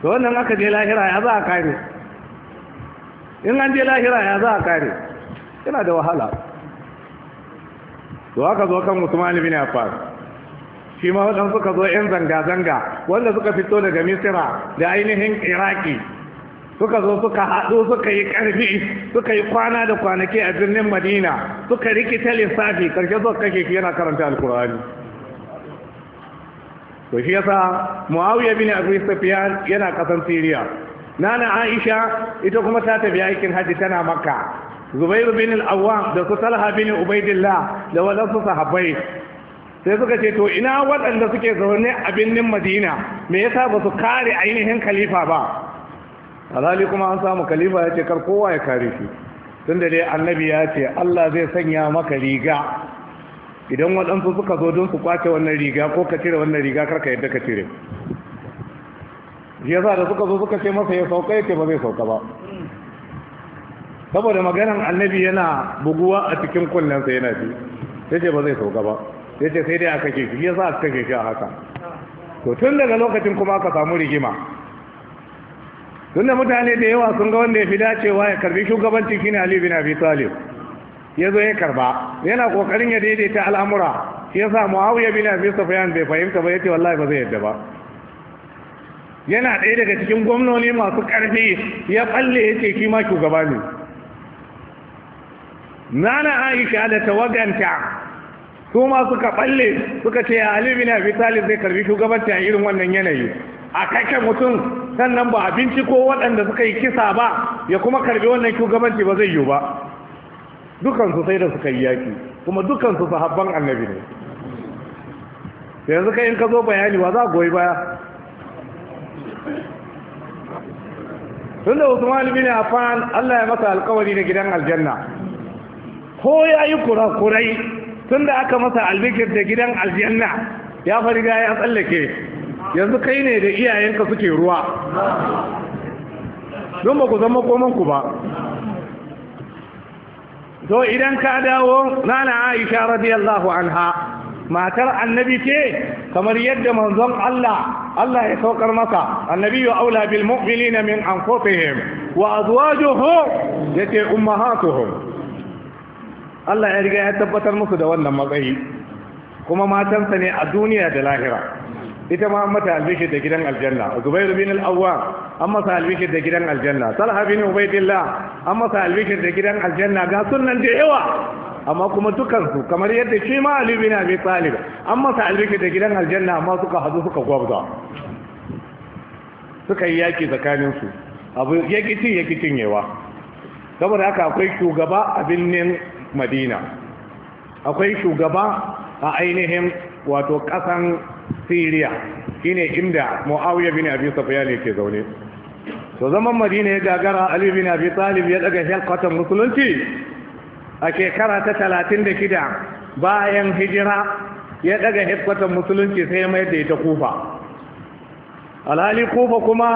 to wannan aka je lahira ya za a kare in an je lahira ya za a kare yana da wahala to aka zo kan Usman ibn Affan shi ma wadan suka zo yan zanga zanga wanda suka fito daga Misira da ainihin Iraki suka zo suka haɗu suka yi ƙarfi suka yi kwana da kwanaki a birnin Madina suka rikita lissafi karshe suka kake yana karanta alkur'ani to shi yasa muawiya bin abi sufyan yana kasan siriya nana aisha ita kuma ta tafi aikin haji tana makka zubairu bin al-awwam da su talha bin ubaidillah da wadansu sahabbai sai suka ce to ina waɗanda suke zaune a birnin madina me yasa ba su kare ainihin khalifa ba alhali kuma an samu khalifa ya ce kar kowa ya kare shi tun da dai annabi ya ce Allah zai sanya maka riga idan waɗansu suka zo don su kwace wannan riga ko ka cire wannan riga karka yadda ka cire ya da suka zo suka ce masa ya sauka yake ba zai sauka ba saboda maganan annabi yana buguwa a cikin kullansa yana fi ya ce ba zai sauka ba ya ce sai dai aka ke shi ya sa aka ke shi a haka to tun daga lokacin kuma aka samu rigima tun da mutane da yawa sun ga wanda ya fi dacewa ya karbi shugabancin shine ali bin abi talib ya zo ya karba yana kokarin ya daidaita al'amura ya sa muawiya bin abi sufyan bai fahimta ba yace wallahi ba zai yadda ba yana ɗaya daga cikin gwamnoni masu ƙarfi ya balle yace shi ma shugaba ne nana aisha da tawaganta su ma suka balle suka ce ali bin abi talib zai karbi shugabanci a irin wannan yanayi a kashe mutum sannan ba abinci ko waɗanda suka yi kisa ba ya kuma karbi wannan shugabanci ba zai yiwu ba dukansu sai da suka yi yaki kuma dukansu sahabban annabi ne yanzu kai in ka zo bayani wa za goyi baya tunda da usman bin affan Allah ya masa alkawari na gidan aljanna ko ya yi kurakurai tunda tunda aka masa albikir da gidan aljanna ya fariga ya tsallake yanzu kai ne da iyayenka suke ruwa don ba ku zama komanku ba to idan ka dawo nana aisha radiyallahu anha matar annabi ce kamar yadda manzon Allah Allah ya saukar masa annabi ya aula bil mu'minina min anfusihim wa azwajuhum yace ummahatuhum Allah ya riga ya tabbatar musu da wannan matsayi kuma matansa ne a duniya da lahira ita ma mata albishir da gidan aljanna zubair bin al-awwam an masa albishir da gidan aljanna talha bin ubaidillah an masa albishir da gidan aljanna ga sunan da yawa amma kuma dukansu kamar yadda shi ma ali bin abi talib an masa albishir da gidan aljanna amma suka hadu suka gwabza suka yi yaki tsakanin su abu yaki cin yaki cinyewa saboda haka akwai shugaba a birnin madina akwai shugaba a ainihin wato kasan siriya shine inda muawiya bin abi sufyan yake zaune to zaman madina ya gagara ali bin abi talib ya daga halqatan musulunci a shekara ta talatin da shida bayan hijira ya daga halqatan musulunci sai ya mayar da ita kufa alhali kufa kuma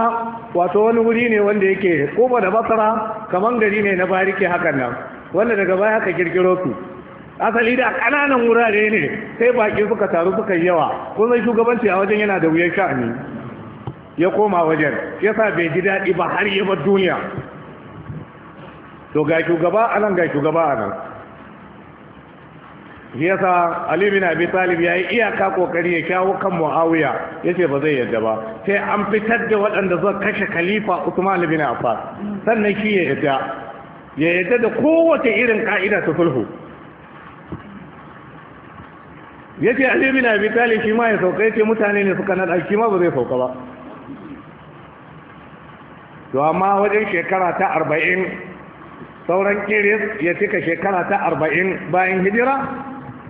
wato wani wuri ne wanda yake kufa da basra Kamar gari ne na bariki hakan nan wanda daga baya ka kirkiro su asali da ƙananan wurare ne sai baƙi suka taru suka yi yawa kuma san shugabanci a wajen yana da wuyan sha'ani ya koma wajen ya sa bai ji daɗi ba har yi bar duniya to ga shugaba a nan ga shugaba a nan yasa sa bin Abi Talib yi iyaka kokari ya kyawo kan Muawiya ce ba zai yadda ba sai an fitar da waɗanda zai kashe Khalifa Usman bin sannan shi ya yadda ya yadda da kowace irin ka'ida ta sulhu ya ce ali bin abi Tali shi ma ya sauka ya ce mutane ne suka naɗa shi ma ba zai sauka ba to amma wajen shekara ta arba'in sauran kiris ya cika shekara ta arba'in bayan hijira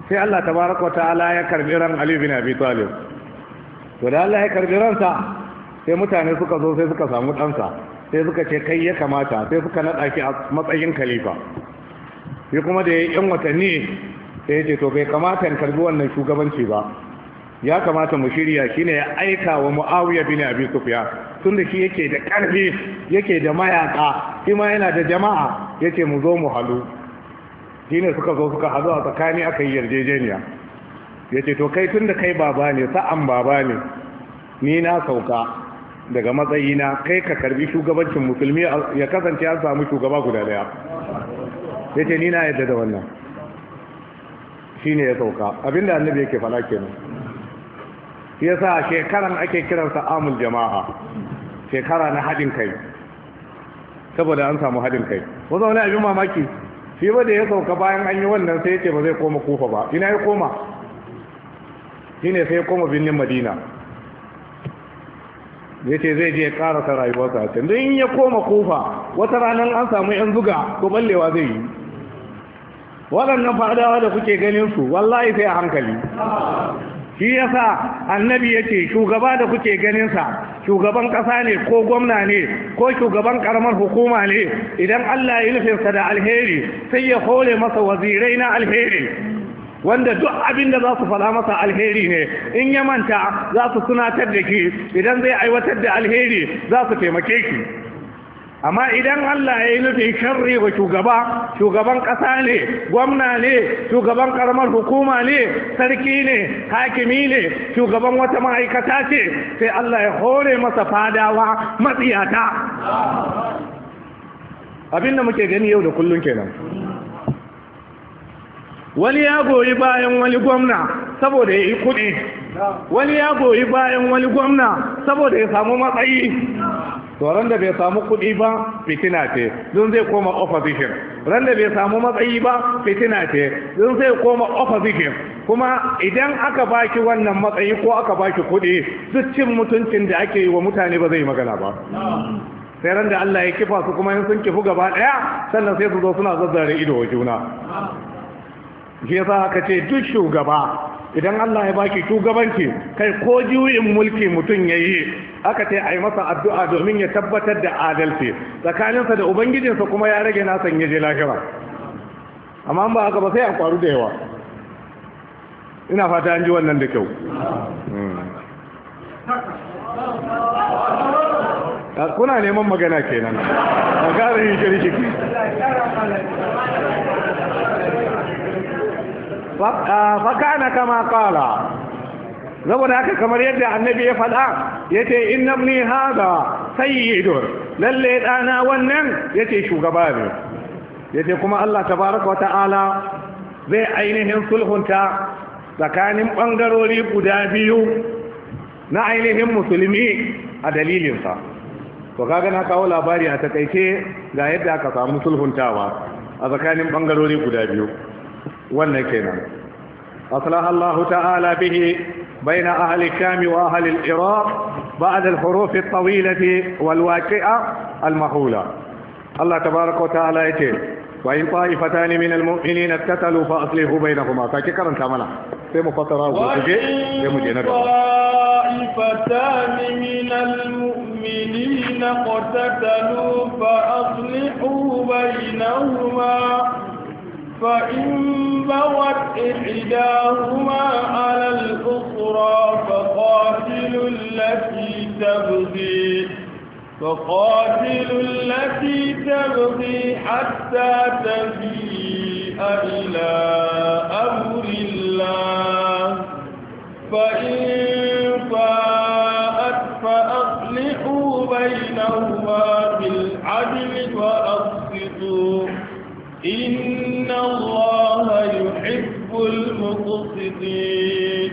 sai Allah ta tabaraka wa ta'ala ya karbi ran ali bin abi talib to da Allah ya karbi ransa sai mutane suka zo sai suka samu ɗansa sai suka ce kai ya kamata sai suka naɗa shi a matsayin khalifa shi kuma da ya yi 'yan watanni sai ce to bai kamata in karbi wannan shugabanci ba ya kamata mu shirya shine ya aika wa muawiya bin abi sufyan da shi yake da karfi yake da mayaka shi ma yana da jama'a yace mu zo mu halu shine suka zo suka halu a tsakani aka yi yarjejeniya yace to kai tun da kai baba ne sa'an baba ne ni na sauka daga matsayina kai ka karbi shugabancin musulmi ya kasance an samu shugaba guda daya ya ce ni na yadda da wannan Shi ne ya sauka abinda annabi yake fara kenan sa shekaran ake kiransa amul jama'a shekara na haɗin kai saboda an samu haɗin kai wasu wani abin mamaki shi ba da ya sauka bayan an yi wannan sai ya ce ba zai koma kufa ba ina ya koma shi ne sai ya koma birnin madina ya ce zai je karasa rayuwarsa can don in ya koma kufa wata ranar an samu yan zuga ko ballewa zai yi waɗannan fadawa da kuke ganin su wallahi sai a hankali shi yasa annabi yake shugaba da kuke ganin sa shugaban ƙasa ne ko gwamna ne ko shugaban ƙaramar hukuma ne idan Allah ya nufinsa sa da alheri sai ya hore masa wazirai na alheri wanda duk abin da za su fada masa alheri ne in ya manta za su tunatar da ke idan zai aiwatar da alheri za su taimake ki amma idan Allah ya yi nufin sharri ga shugaba shugaban ƙasa ne gwamna ne shugaban ƙaramar hukuma ne sarki ne hakimi ne shugaban wata ma'aikata ce sai Allah ya hore masa fadawa matsiyata abinda muke gani yau da kullum kenan wani ya goyi bayan wani gwamna saboda ya yi kuɗi wani ya goyi bayan wani gwamna saboda ya samu matsayi ran da bai samu kuɗi ba fitina ce don zai koma opposition ran da bai samu matsayi ba fitina ce don zai koma opposition kuma idan aka baki wannan matsayi ko aka baki kuɗi duk cin mutuncin da ake yi wa mutane ba zai magana ba sai ran da Allah ya kifa su kuma in sun kifu gaba ɗaya sannan sai su zo suna zazzare ido wa juna shi yasa aka ce duk shugaba idan Allah ya baki shugabanci kai ko juyin mulki mutum ya yi aka ce a yi masa addu'a domin ya tabbatar da adalci tsakaninsa da ubangijinsa kuma ya rage nasan ya je lahira amma ba haka ba sai a kwaru da yawa ina fata an ji wannan da kyau hmm. kuna neman magana kenan a yi shirki fakana ah, kama kala saboda haka kamar yadda annabi ya faɗa ya ce inna ibni hada lalle ɗana wannan ya ce shugaba ne ya ce kuma Allah tabaraka wa ta'ala zai ainihin sulhunta tsakanin ɓangarori guda biyu na ainihin musulmi a dalilinsa to kaga na kawo labari a takaice ga yadda aka samu sulhuntawa a tsakanin ɓangarori guda biyu wannan أصلح الله تعالى به بين أهل الشام وأهل العراق بعد الحروف الطويلة والواقعة المهولة الله تبارك وتعالى يتي وإن طائفتان من المؤمنين اقتتلوا فأصلحوا بينهما فكرا كمنا في مفترة وفي في وإن طائفتان من المؤمنين اقتتلوا فأصلحوا بينهما فإن بوت إحداهما على الأخرى فقاتلوا التي تبغي فقاتل التي تبغي حتى تبيء إلى أمر الله فإن فاءت فأصلحوا بينهما بالعدل وأقسطوا إن الله يحب المقصدين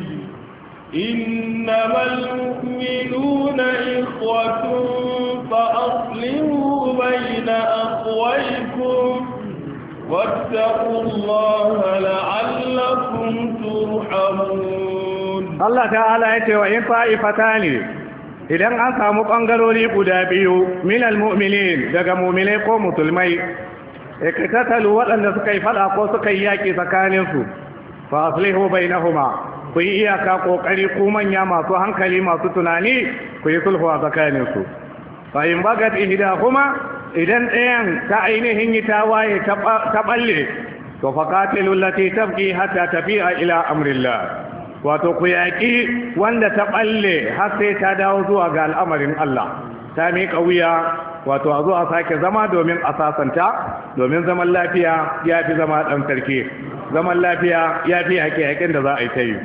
إنما المؤمنون إخوة فأصلحوا بين أخويكم واتقوا الله لعلكم ترحمون الله تعالى يتوى إن طائفتان idan an samu لي قدابيو من المؤمنين mu'minin daga mu'minai ko Eh, ikitatalu waɗanda suka yi faɗa ko suka yi yaƙi tsakaninsu fa aslihu bainahuma ku yi iyaka ƙoƙari ku manya masu hankali masu tunani ku yi sulhu a tsakaninsu fa in bagat kuma, idan ɗayan ta ainihin yi tawaye ta ɓalle, to fa qatilu allati tabqi hatta tafi'a ila amrillah wato ku yaƙi wanda ta ɓalle har sai ta dawo zuwa ga al'amarin Allah ta miƙa wuya wato a zo a sake zama domin a sasanta domin zaman lafiya ya fi zama ɗan sarki zaman lafiya ya fi haƙe-haƙen da za a yi ta yi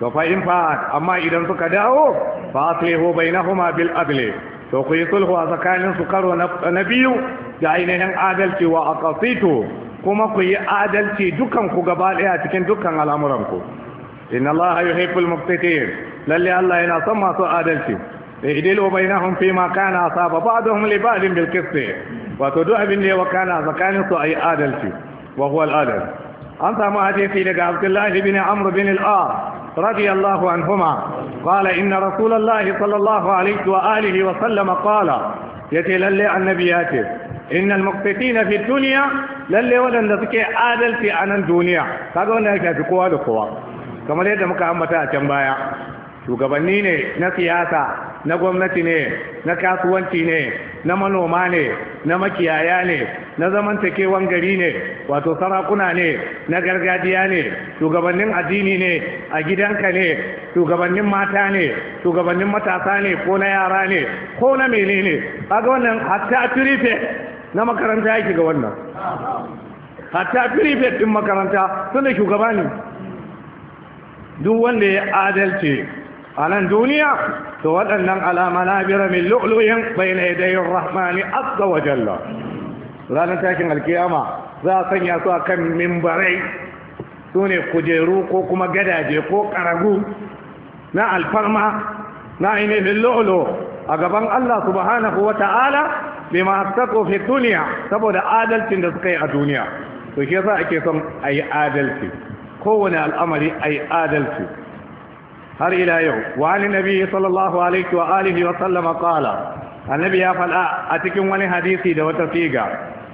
to fa in fa amma idan suka dawo fa na huma bil adli to ku yi sulhu a tsakanin su karo na biyu da ainihin adalci wa kasito kuma ku yi adalci dukanku ku gaba daya cikin dukkan al'amuranku ku inna allaha yuhibbul muqsitin lalle allah yana son masu adalci idilu bainahum fi ma kana asaba ba'dahum li ba'din bil qist wato duk abin da ya wakana tsakanin su ayi adalci wa huwa al adal an samu hadisi daga Abdullah ibn Amr bin al-As radiyallahu anhuma qala inna rasulullahi sallallahu alaihi wa alihi wa sallam qala yace lalle annabi yace innal muqtitina fi dunya lalle wadanda suke adalci a nan duniya kaga wannan yake kowa da kowa kamar yadda muka ambata a can baya shugabanni ne na siyasa na gwamnati ne na kasuwanci ne na manoma ne na makiyaya ne na zamantakewan gari ne wato sarakuna ne na gargajiya ne shugabannin addini ne a gidanka ne shugabannin mata ne shugabannin matasa ne ko na yara ne ko na menene kaga wannan hatta turife na makaranta yake ga wannan hatta prefect din makaranta tunda shugaba ne duk wanda ya adalce a nan duniya to waɗannan alama na bira min lu'lu'in bai na idayin rahmani azza wa jalla ranar takin alkiyama za a sanya su a kan mimbarai su ne kujeru ko kuma gadaje ko karagu na alfarma na ainihin lu'lu a gaban Allah subhanahu wa ta'ala bai ma fi duniya saboda adalcin da suka yi a duniya to shi yasa ake son a yi adalci kowane al'amari a yi adalci har ila yau wa an nabi sallallahu alaihi wa alihi wa sallama qala annabi ya fada a cikin wani hadisi da wata siga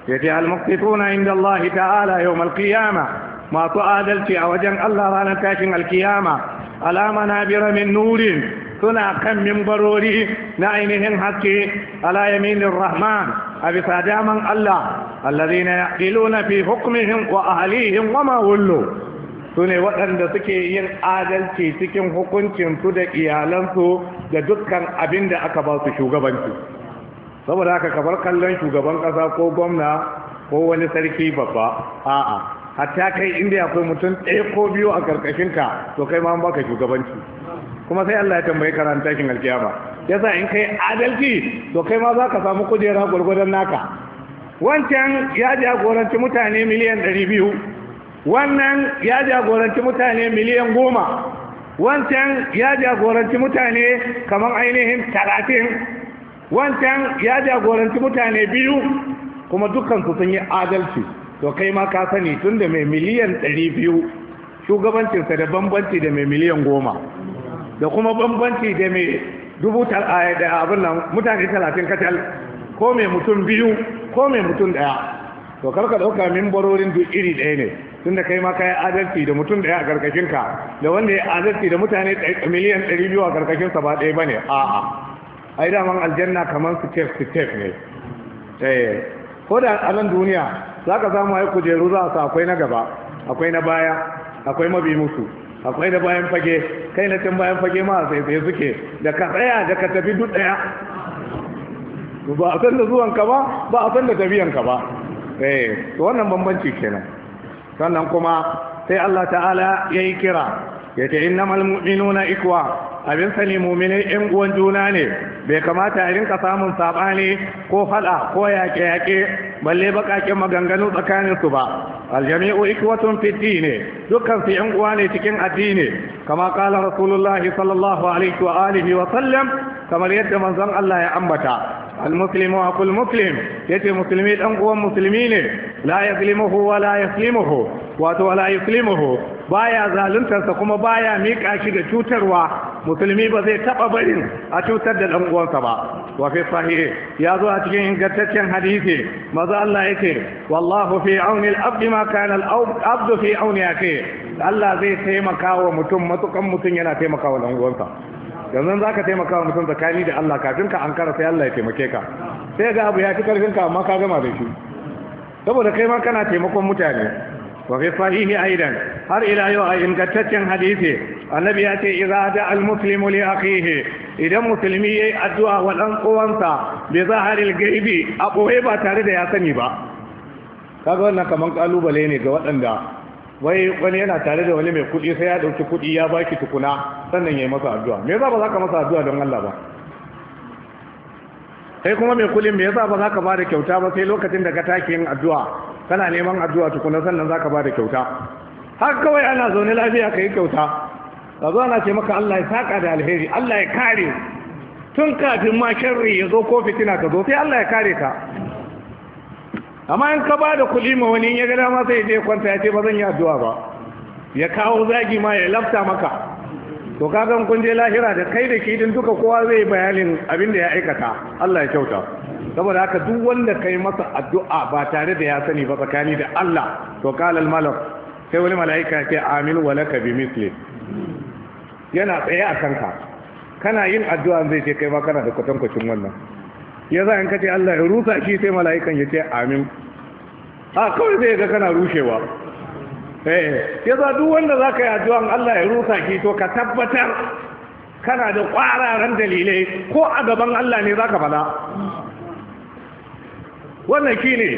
yace al muqsituna inda Allah ta'ala yawm al qiyama masu adalci a wajen Allah ranar tashin alkiyama alama na bira min nurin suna kan mimbarori na ainihin haske ala yaminin rahman a bisa daman Allah allazina yaqiluna fi hukmihim wa ahlihim wa ma wullu su ne waɗanda suke yin adalci cikin hukuncinsu da iyalansu da dukkan abin da aka ba su shugabanci saboda haka kamar kallon shugaban ƙasa ko gwamna ko wani sarki babba a'a hatta kai inda akwai mutum ɗaya ko biyu a ƙarƙashinka to kai ma baka shugabanci kuma sai Allah ya tambayi karanta shin alkiyama yasa in kai adalci to kai ma za ka samu kujera gwargwadon naka wancan ya jagoranci mutane miliyan ɗari biyu wannan ya jagoranci mutane miliyan goma wancan ya jagoranci mutane kamar ainihin talatin wancan ya jagoranci mutane biyu kuma dukansu sun yi adalci to kai ma ka sani tun da mai miliyan ɗari biyu shugabancinsa da bambanci da mai miliyan goma da kuma bambanci da mai dubu abin nan mutane talatin kacal ko mai mutum biyu ko mai mutum ɗaya to karka dauka mimbarorin duk iri ɗaya ne tun da kai ma kai adalci da mutum ɗaya a karkashin ka da wanda ya adalci da mutane miliyan 200 a karkashin sa ba ɗaya bane a'a ai da man aljanna kaman su step ne eh ko da a nan duniya zaka samu ai kujeru za su akwai na gaba akwai na baya akwai mabi musu akwai da bayan fage kai na can bayan fage ma sai sai suke da ka tsaya da ka tafi duk daya ba a san da zuwanka ba ba a san da tafiyanka ba eh wannan bambanci kenan sannan kuma sai Allah ta'ala yayi kira yace innamal mu'minuna ikwa abin sani muminai yan uwan juna ne bai kamata a rinka samun sabani ko fada ko yaƙe yaƙe balle bakaƙen maganganu tsakanin su ba aljami'u ikwatun fiti ne dukkan su yan uwa ne cikin addini kama kala rasulullahi sallallahu alaihi wa alihi wa sallam kamar yadda manzon Allah ya ambata al-muslimu aqul muslim yace musulmi dan uwan musulmi ne la yuzlimuhu wa la wato la yuslimuhu baya zaluntarsa kuma baya mika shi da cutarwa musulmi ba zai taba barin a cutar da dan uwansa ba wa fi ya zo a cikin ingantaccen hadisi maza Allah yake wallahu fi auni al-abd ma kana al-abd auni akhi Allah zai taimaka wa mutum matukan mutum yana taimaka wa dan uwansa yanzu za ka taimaka wa mutum tsakani da Allah kafin ka an sai Allah ya taimake ka sai ga abu ya fi karfin ka amma ka gama da shi saboda kai ma kana taimakon mutane wa fi sahihi aidan har ila yau a ingantaccen hadisi annabi ya ce idza da al muslimu li akhihi idan musulmi yayi addu'a wa dan uwansa bi zaharil ghaibi a boye ba tare da ya sani ba kaga wannan kaman kalubale ne ga waɗanda wai wani yana tare da wani mai kuɗi sai ya ɗauki kuɗi ya baki tukuna sannan ya yi masa addu'a me yasa ba za ka masa addu'a don Allah ba Sai kuma mai kuɗi me yasa ba za ka ba kyauta ba sai lokacin da ka take yin addu'a kana neman addu'a tukuna sannan za ka ba da kyauta har kawai ana zaune lafiya ka yi kyauta ka zo ana ce maka Allah ya saka da alheri Allah ya kare tun kafin ma sharri ya zo ko fitina ka zo sai Allah ya kare ka amma in ka ba da kuɗi ma wani ya ga dama ya je kwanta ya ce ba zan yi addu'a ba ya kawo zagi ma ya lafta maka to ka ga kun je lahira da kai da ke din duka kowa zai bayanin abin da ya aikata Allah ya kyauta saboda haka duk wanda kai masa addu'a ba tare da ya sani ba tsakani da Allah to kalal malak sai wani mala'ika ya ce amin wa laka bi misli yana tsaye a kanka kana yin addu'a zai ce kai ma kana da kwatankwacin wannan ya za in ce Allah ya rusa shi sai mala'ikan ya ce amin a kawai zai ga kana rushewa eh, ya za duk wanda za ka yi addu'an Allah ya rusa shi to ka tabbatar kana da ƙwararan dalilai ko a gaban Allah ne za ka fada wannan shi ne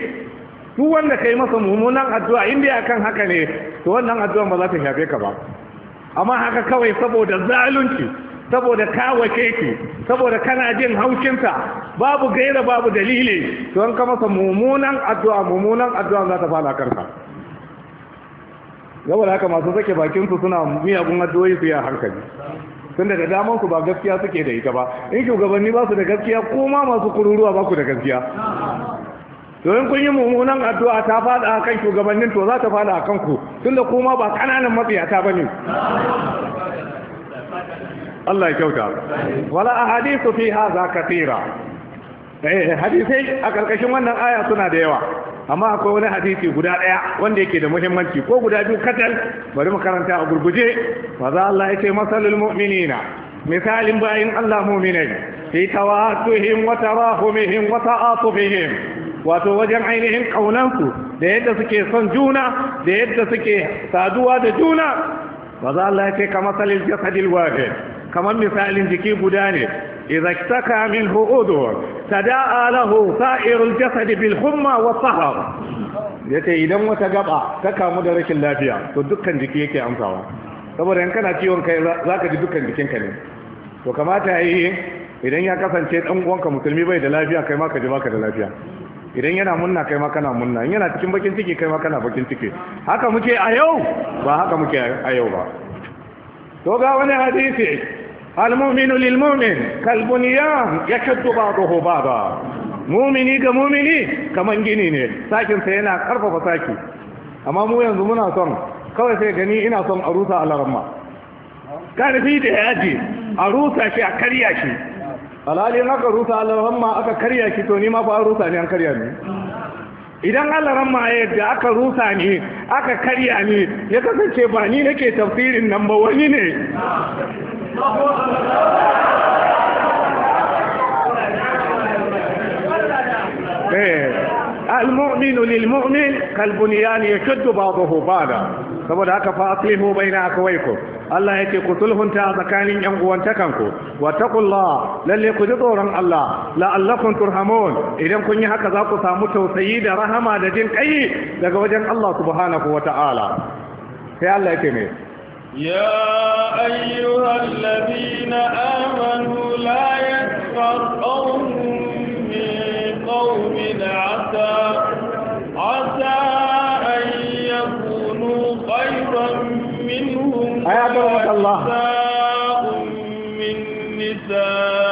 duk wanda ka yi masa mummunan addu'a inda kan haka ne to wannan addu'an ba za ta shafe ka ba amma haka kawai saboda zalunci saboda ka keke saboda kana jin haushinta babu gaira babu dalili to an ka masa mummunan addu'a mummunan addu'a za ta fada karka yau haka masu sake bakin su suna miyagun addu'o'i su ya hankali tun daga daman ku ba gaskiya suke da ita ba in shugabanni ba su da gaskiya ko ma masu kururuwa ba ku da gaskiya domin kun yi mummunan addu'a ta fada a kan shugabannin to za ta fada a kanku tun da kuma ba ƙananan matsiyata ba ne Allah ya kyauta wala ahadithu fi hadha katira eh hadisai a karkashin wannan aya suna da yawa amma akwai wani hadisi guda daya wanda yake da muhimmanci ko guda biyu katal bari mu karanta a gurguje fa za Allah ya masalul mu'minina misalin bayin Allah mu'minai fi tawatuhim wa tarahumihim wa ta'atufihim wato wajen ainihin ƙaunansu da yadda suke son juna da yadda suke saduwa da juna ba za Allah ya ka jasadil wahid kamar misalin jiki guda ne idza taka minhu udhu tada'a lahu sa'irul jasad bil humma wa sahar yace idan wata gaba ta kamu da rashin lafiya to dukkan jiki yake amsawa saboda in kana ciwon kai zaka ji dukkan jikinka ne to kamata yi idan ya kasance dan uwanka musulmi bai da lafiya kai ma ka ji baka da lafiya idan yana munna kai ma kana munna in yana cikin bakin ciki kai ma kana bakin ciki haka muke a yau ba haka muke a yau ba to ga wani hadisi المؤمن للمؤمن كالبنيان يشد بعضه بعضا mumini ga mumini kaman gini ne sakin sa yana karfafa saki amma mu yanzu muna son kawai sai gani ina son a rusa alarma karfi da yaji a rusa shi a karya shi alhalin aka rusa alarma aka karya shi to ni ma fa rusa ne an karya ni? idan Allah yadda aka rusa ni aka karya ni ya kasance ba ni nake tafsirin nan ba wani ne المؤمن للمؤمن كالبنيان يشد بعضه بعضا saboda haka fa aslihu baina akwaikum Allah yake ku sulhunta tsakanin yan uwantakanku wattaqullah lalle ku ji tsoron Allah la'allakum turhamun idan kun yi haka za ku samu tausayi da rahama da jin kai daga wajen Allah subhanahu wata'ala sai Allah yake ne يا أيها الذين آمنوا لا يكفر قوم من قوم عسى عسى أن يكونوا خيرا منهم ونساء من نساء